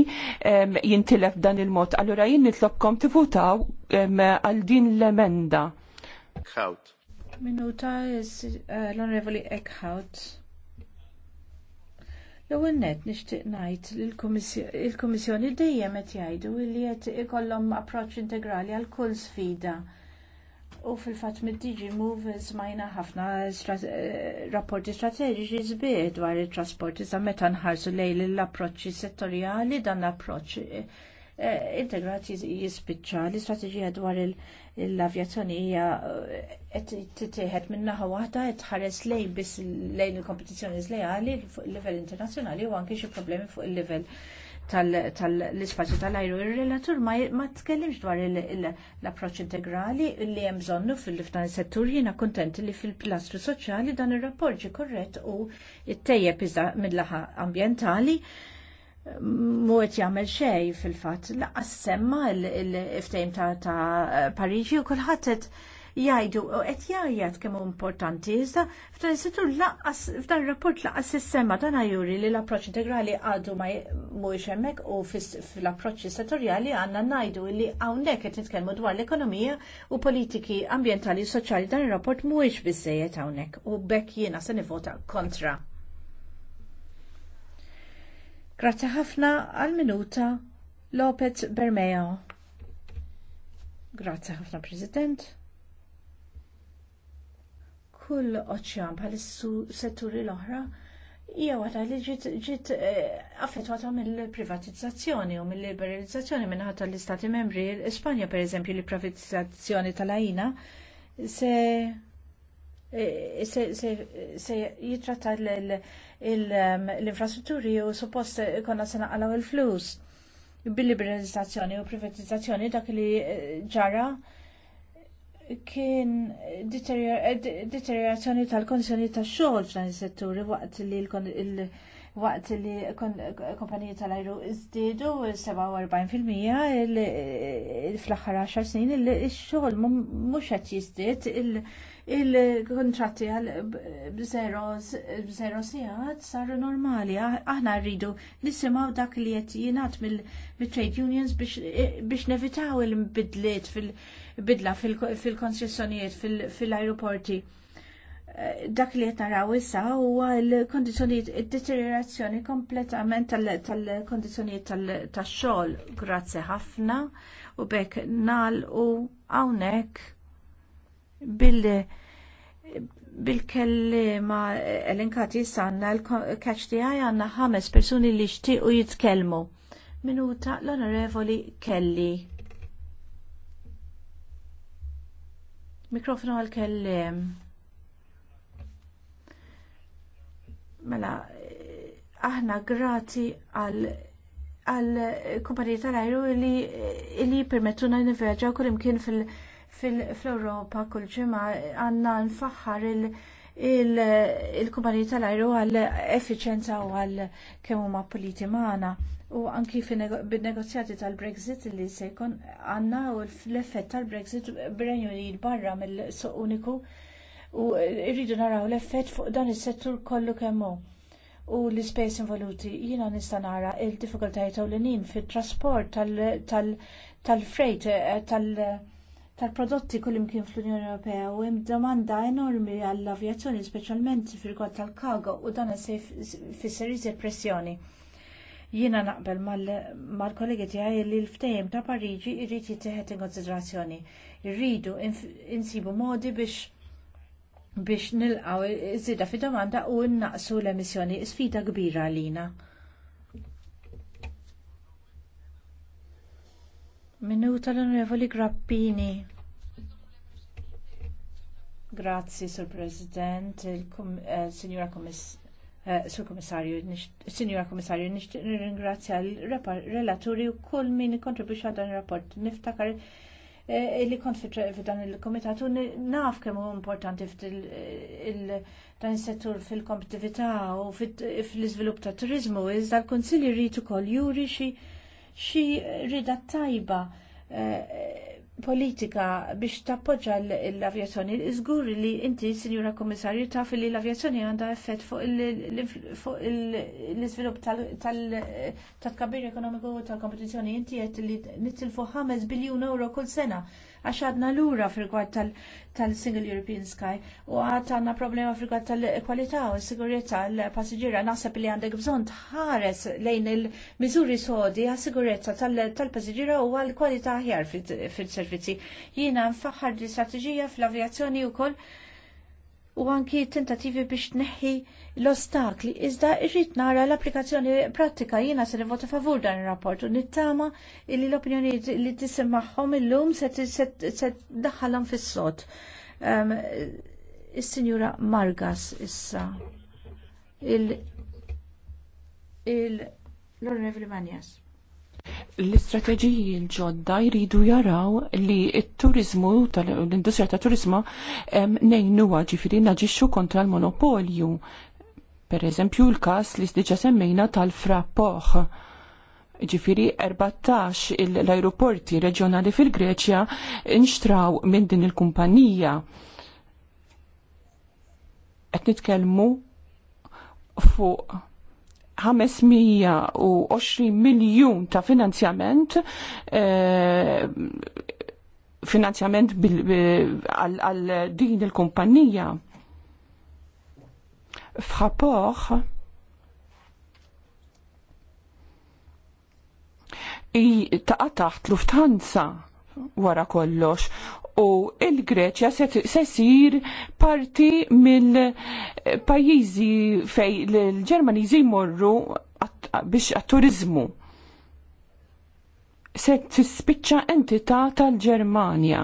jintilef dan il-mod. Allora jien nitlobkom tivutaw għal din l-emenda. Eckhout. Minuta eh, l-Onorevoli Ekħaut. L-ewwel net nixtieq ngħid li kummissjoni dejjem qed jgħidu li qed ikollhom approċċ integrali għal kull sfida U fil-fat mid-Digi Move smajna ħafna eh, rapporti strategiċi zbiet dwar il-trasport, iżda meta nħarsu lejl l-approċċi settorjali dan l-approċċ eh, integrati jispiċċa l-istrateġija dwar l-avjazzjoni hija eh, qed titieħed minn naħa waħda qed tħares lejn biss lejn il-kompetizzjoni żlejali fuq il-livell internazzjonali u anke xi problemi fuq il-livell tal-ispaċi tal-ajru. Il-relatur ma tkellimx dwar l-approċ integrali li hemm bżonnu fil liftan settur jiena kontent li fil-pilastru soċjali dan ir-rapport ġi korrett u ttejjeb iżda mill-laħa ambjentali muħet jgħamil xej fil-fat. Laqqas semma l-iftajm ta' Pariġi u kullħatet jgħidu qed jgħid kemm importanti iżda f'dan is laqqas f'dan ir-rapport laqqas sistema sema dan juri li l-approċċ integrali għadu ma mhuwiex hemmhekk u fl-approċċi settorjali għandna ngħidu li hawnhekk qed nitkellmu dwar l-ekonomija u politiki ambjentali u soċjali dan ir-rapport mhuwiex bizzejet hawnhekk u bekk jiena se nivota kontra. Grazzi ħafna għal-minuta Lopez Bermeo. Grazie ħafna President kull oċċan bħal setturi l-oħra hija waħda li ġiet eh, affettwata mill-privatizzazzjoni u mill-liberalizzazzjoni minħabba tal-Istati Membri. Ispanja pereżempju l privatizzazzjoni tal-ajna se eh, se, se, se jitratta l-infrastrutturi u suppost konna se naqalgħu il-flus bil-liberalizzazzjoni u privatizzazzjoni dak li eh, ġara kien eh, deteriorazzjoni tal-kondizjoni tax-xogħol f'dan is-setturi waqt li l waqt li kompaniji tal-ajru iżdiedu 47% fl-aħħar 10 snin il-xogħol mhux qed jiżdied il-kontratti għal b'żero sigħat saru normali. Aħna rridu nisimgħu dak li qed jingħad mill-trade unions biex nevitaw il-bidliet fil- bidla fil-konċessjonijiet fil-aeroporti. Eh, dak li qed naraw issa huwa l-kondizzjonijiet id-deteriorazzjoni kompletament tal-kondizzjonijiet tax-xogħol. Grazzi ħafna u bekk nagħlqu hawnhekk billi bil-kellima elinkati sanna l-catch di għaj għanna ħames personi li xtiqu jitkelmu. Minuta l-onorevoli Kelly. Mikrofonu għal kellem Mela, aħna grati għal għal tal-ajru li permettuna nivjaġaw kull imkien fil-Europa kull ġimma għanna nfaħħar il kumpanija tal-ajru għal effiċenza u għal kemm huma politi maħna u anki bin-negozjati tal-Brexit li se jkun għandna u l-effett tal-Brexit b'renju li barra mill-suq uniku u rridu naraw l-effett fuq dan is-settur kollu kemm hu. u l-ispejs involuti jiena nista' nara l diffikultajiet ewlenin fit-trasport tal-frejt tal-prodotti kullimkien fl-Unjoni Ewropea u hemm domanda enormi għall-avjazzjoni speċjalment fil-kwad tal-kago u dan se jfisser iżjed pressjoni Jiena naqbel mal-kollegi tiegħi li l ftajem ta' Pariġi jrid jittieħet in konsiderazzjoni. Irridu insibu modi biex biex nilqaw iż-żida fi domanda u nnaqsu l-emissjoni sfida kbira għalina. Minuta l-Onorevoli Grappini. Grazzi, Sur President, il-Signora eh, Komissarju Eh, Sur Komissarju, Sinjora Komissarju, nixtieq nirringrazzja l-relaturi u kull min kontribuċa dan il rapport Niftakar eh, li kont f'dan il-komitatu naf kemm hu importanti dan is-settur fil-kompetitività u fil-iżvilupp ta' turizmu iżda l-Kunsilli jrid ukoll juri xi xi rida tajba eh, politika biex tappoġġa l-avjazzjoni. Iżgur li inti, Sinjura Kommissarju, taf li l-avjazzjoni għandha effett fuq l-iżvilupp tal-kabir ekonomiku u tal-kompetizzjoni. Inti qed li nittilfu 5 biljun euro kull sena għax għadna lura fil-gwad tal-Single tal European Sky u għad għadna problema fil-gwad tal-kwalità u s-sigurezza l-passiġira naħseb li għandek bżon tħares lejn il-miżuri sodi għas-sigurezza tal-passiġira u għal-kwalità ħjar fil-servizzi. Jiena nfaħħar di strateġija fl-avjazzjoni u kol u anki tentativi biex tneħħi l-ostakli, iżda irrit nara l-applikazzjoni pratika jiena se nivota favur dan ir-rapport u nittama illi l-opinjoni li tisimmaħħom illum se daħħalhom fis-sod. Is-Sinjura Margas issa. Il-Lorna Manjas. l-istrateġiji l-ġodda jridu jaraw li il-turizmu, l-industrija ta' turizma nejnu ġifiri naġiċu kontra l-monopolju Per eżempju l-kas li diġa semmejna tal frapoħ Ġifiri 14 l-aeroporti reġjonali fil-Greċja inxtraw minn din il-kumpanija. Qed nitkellmu fuq 520 miljun ta' finanzjament eh, finanzjament għal din il-kumpanija f'rapport i taqa taħt Lufthansa wara kollox u il-Greċja se sir parti mill-pajjiżi eh, fej l-Ġermaniżi jmorru biex għat-turizmu. Se tispiċċa entità tal-Ġermanja.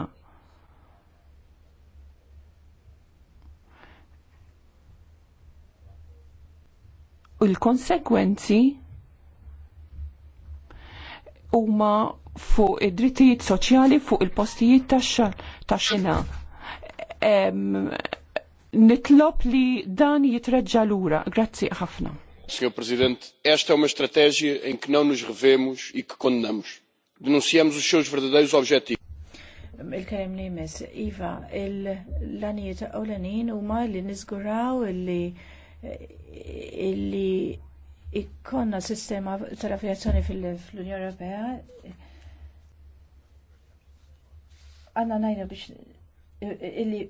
u l-konsekwenzi huma fuq id-drittijiet soċjali fuq il-postijiet ta' xina. Nitlob li dan jitreġġa lura. Grazzi ħafna. Sr. President, esta é uma estratégia em que não nos revemos e que condenamos. Denunciamos os seus verdadeiros objetivos. Il-kelem li Iva, l-lanijiet u l lanijin u ma li nizguraw li illi ikkonna sistema tal-avjazzjoni fl-Unjoni Ewropea għanna najna biex illi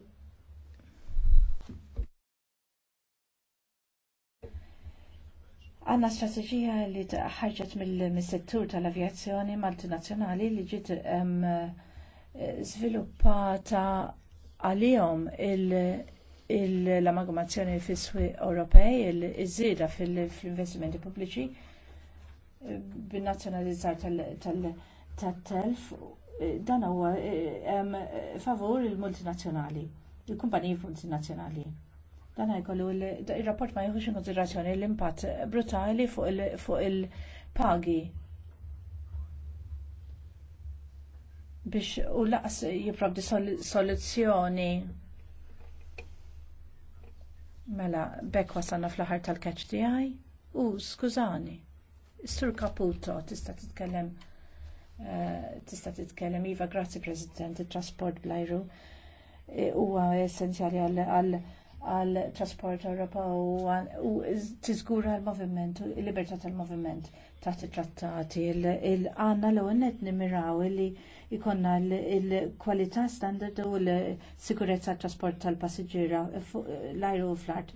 għanna strategija li ħarġet mill-settur tal-avjazzjoni multinazzjonali li ġiet eh, sviluppata għalihom l-amalgamazzjoni fis-swi Ewropej, iż-żieda fil-investimenti pubbliċi bin-nazzjonalizzar tal-telf dan huwa favur il-multinazzjonali, il-kumpaniji multinazzjonali. Dan jkollu il-rapport ma jħux konsiderazzjoni l-impatt brutali fuq il-pagi biex u laqs jipprovdi soluzzjoni Mela, bekk wasalna fl aħħar tal-catch tiegħi. U skużani, Sur Caputo tista' titkellem eh, tista' titkellem iva grazzi President it-trasport bl-ajru e, huwa essenzjali għal għal trasport Ewropa u tiżgura l-moviment, il-libertà tal-moviment taħt it-trattati. il Għanna l għonet qed il li ikonna l-kwalità standard u l-sikurezza trasport tal-passiġġiera l-ajru u fl-art.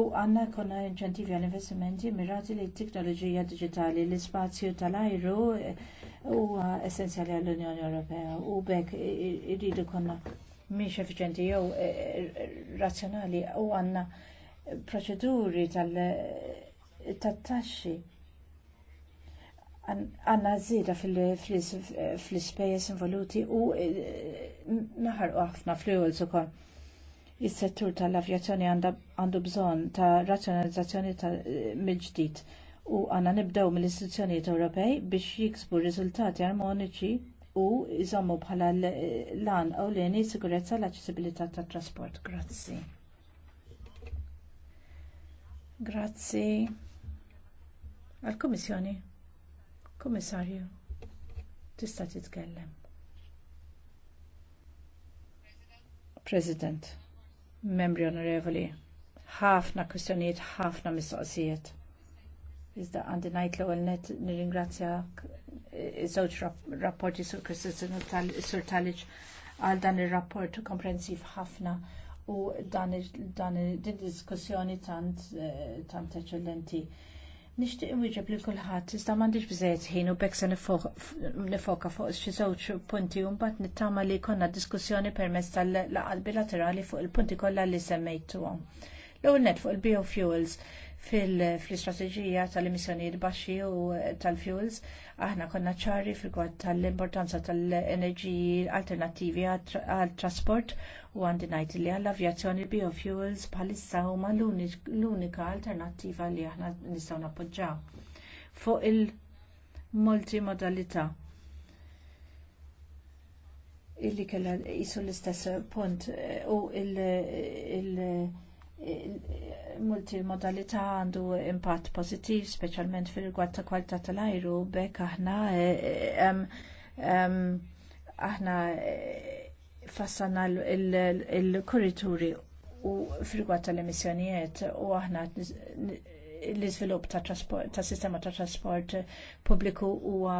U għanna konna inċentivi għal-investimenti mirati li teknoloġija digitali, l-spazju tal-ajru eh, u essenzjali għall-Unjoni Ewropea u bekk irridu konna miex effiċenti jew eh, razzjonali u għanna proċeduri tal-taxxi. tal taxxi għanna zida fil-spejjeż involuti u eh, naħarqu ħafna fl-ewwel ukoll. Is-settur tal-avjazzjoni għandu bżonn ta' razzjonalizzazzjoni ta' eh, mill-ġdid u għanna nibdew mill-istituzzjonijiet Ewropej biex jiksbu riżultati armoniċi u jżommu bħala eh, lan ewleni sigurezza l-aċċessibilità tat-trasport. Grazzi. Grazzi. Għal-Komissjoni. Komissarju, tista' titkellem. President, membri onorevoli, ħafna kwistjonijiet, ħafna mistoqsijiet. Iżda għandi ngħid l-ewwel net nirringrazzjak iż-żewġ rapporti sur Kristensen sur Taliġ għal dan ir-rapport komprensiv ħafna u dan din diskussjoni tant eh, tant eċċellenti Nishtiq wieġeb li kulħadd iżda m'għandix biżejjed ħin u bekk se nifoka fuq xi żewġ punti u mbagħad nittama li jkollna diskussjoni permezz tal laqal bilaterali fuq il-punti kollha li semmejtuhom. L-ewwel net fuq il-biofuels fil-istrateġija tal-emissjonijiet baxxi u tal-fuels, aħna konna ċari fil tal-importanza tal-enerġiji alternattivi għal-trasport u għandi ngħid li għall-avjazzjoni biofuels bħalissa huma l-unika alternattiva li aħna nistgħu nappoġġjaw Fuq il-multimodalità illi kellha qisu l-istess punt eh, u il multimodalità għandu impatt pożittiv, speċjalment fil-rigward ta' kwalità tal-ajru, bekk aħna eh, aħna eh, fassana il-kurrituri u fil-rigward tal-emissjonijiet u aħna l-iżvilupp ta' sistema ta' trasport pubbliku huwa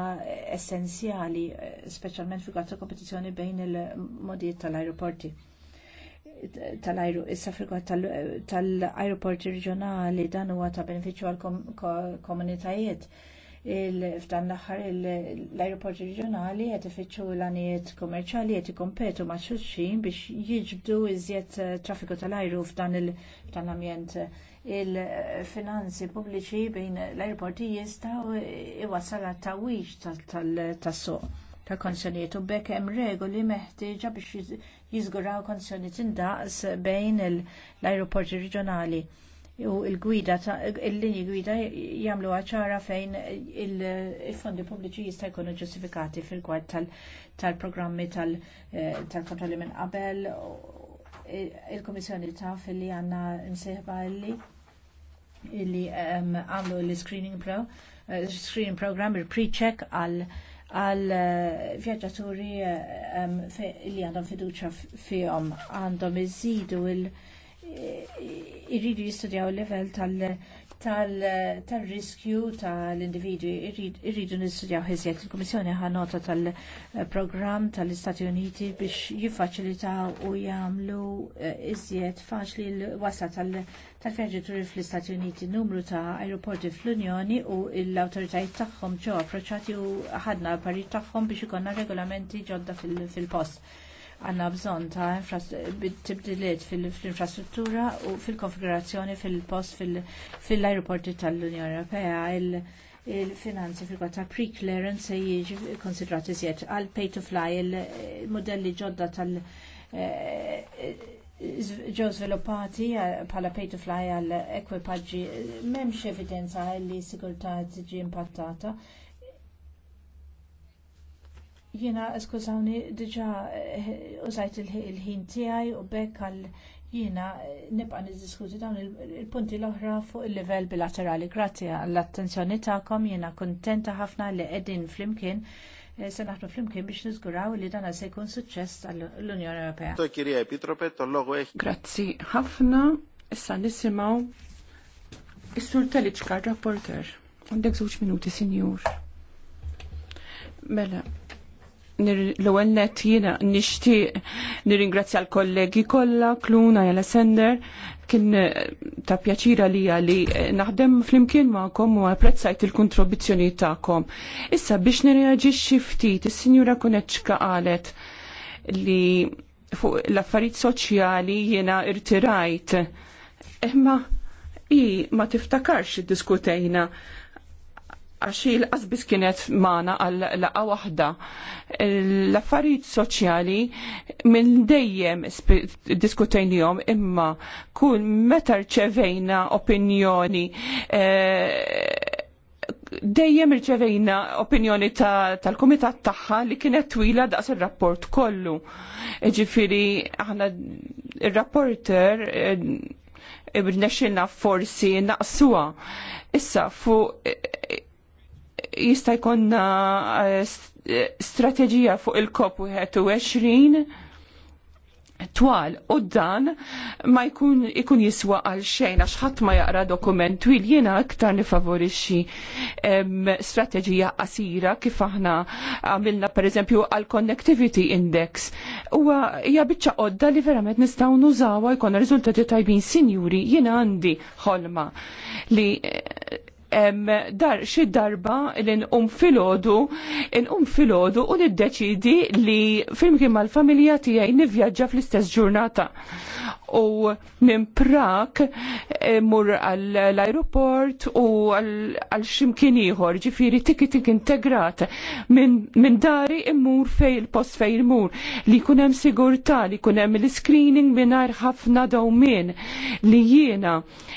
essenzjali, eh, speċjalment fil-rigward ta' kompetizzjoni bejn il-modijiet tal-aeroporti tal-ajru, is-safriku tal-ajruporti reġjonali dan huwa ta' benefiċċju għall komunitajiet f'dan l-aħħar l-ajruporti reġjonali qed ifittxu l-għanijiet kummerċjali qed ikompetu ma' xulxin biex jiġbdu iżjed eh, traffiku tal-ajru f'dan l-ambjent. Il-finanzi pubbliċi bejn l-ajruporti jistgħu iwassal għat-tawwiġ tas-suq ta' konzjoniet u bekk hemm regoli meħtieġa biex jiżguraw konzjoniet indaqs bejn l-ajruporti reġjonali u l-gwida il-linji gwida jagħmlu ċara fejn il-fondi pubbliċi jista' jkunu ġustifikati fil kwad tal-programmi eh, tal-kontrolli minn qabel il-Komissjoni taf li għanna msejħba li ehm, għamlu l-screening eh, screening program, il-pre-check għal għal eh, vjaġġaturi eh, li għandhom fiduċa fihom għandhom iżidu il- eh, iridu jistudjaw il-level tal- tal-riskju tal-individwi irridu nistudjaw ħizjet. Il-Komissjoni nota tal-program tal-Istati Uniti biex jiffaċilitaw u jagħmlu eh, iżjed faċli l-wasa tal turi fl-Istati Uniti numru ta' aeroporti fl-Unjoni u l-autoritajiet tagħhom ġew approċċati u ħadna l-parit tagħhom biex ikonna regolamenti ġodda fil-post għanna bżon ta' tibdiliet fil-infrastruttura u fil-konfigurazzjoni fil-post fil-aeroporti tal-Unjoni Ewropea il-finanzi fil ta' pre-clearance se jiġi konsidrati zjed għal pay to fly il-modelli ġodda tal- eh, eh, eh, ġew sviluppati bħala pay to fly għal ekwipaġġi m'hemmx evidenza li s-sigurtà tiġi impattata Jiena eskużawni diġa eh, użajt il-ħin tiegħi u bekk għal jiena eh, nibqa' niddiskuti dawn il-punti l-oħra fuq il-livell bilaterali. Grazzi għall-attenzjoni tagħkom, jiena kuntenta ħafna li qegħdin flimkien eh, se naħdu flimkien biex niżguraw li dana se jkun suċċess għall-Unjoni Ewropea. Grazzi ħafna, issa nisimgħu is-sur Teliċka, rapporter. Għandek żewġ minuti, sinjur. Mela, l-ewwel net jiena nixtieq nirringrazzja l-kollegi kollha Kluna Jela Sender kien eh, ta' pjaċira li li eh, naħdem flimkien ma'kom u apprezzajt il-kontribuzzjoni tagħkom. Issa biex nirreaġixxi ftit, is-Sinjura Kuneċka qalet li fuq l-affarijiet soċjali jiena irtirajt. Imma i ma tiftakarx iddiskutejna għaxi l-qasbis kienet mana għal laqa wahda. L-affarijiet soċjali minn dejjem diskutejnijom imma kull meta rċevejna opinjoni eh, dejjem irċevejna opinjoni tal-komitat ta tagħha li kienet twila daqs ir-rapport kollu. Ġifieri aħna il rapporter irnexxilna eh, forsi naqsuha. Issa fuq jista' jkollna eh, strateġija fuq il-COP 21 twal u dan ma jkun ikun jiswa għal xejn għax ħadd ma jaqra dokument twil jiena aktar nifavorixxi strateġija qasira kif aħna għamilna pereżempju għal Connectivity Index. Huwa hija biċċa qodda li verament nistgħu nużawha jkollna riżultati tajbin sinjuri jiena għandi ħolma li dar xi darba li nqum filgħodu nqum filgħodu u niddeċidi li flimkien mal-familja tiegħi nivvjaġġa fl-istess ġurnata u minn Prak e, mur għall-aeroport u għal ximkien ieħor, ġifiri tikit integrat minn dari immur fej il-post fej il-mur li kunem sigurta li kunem l-screening mingħajr ħafna dawmin li jiena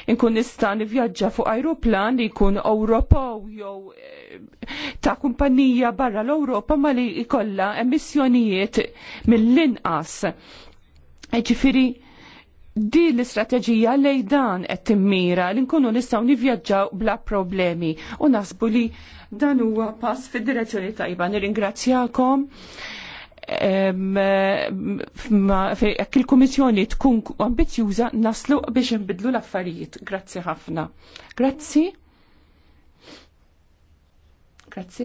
nkun nista' nivvjaġġa fuq aeroplan li jkun Ewropa jew e, ta' kumpanija barra l-Ewropa ma li jkollha emissjonijiet mill-inqas. E, ġifiri, di l-istrateġija lej dan qed timmira li nkunu nistgħu nivvjaġġaw bla problemi u nasbu li dan huwa pass fid-direzzjoni tajba. Nirringrazzjakom jekk il-Kummissjoni tkun ambizjuża naslu biex inbidlu l-affarijiet. Grazzi ħafna. Grazzi. Grazzi.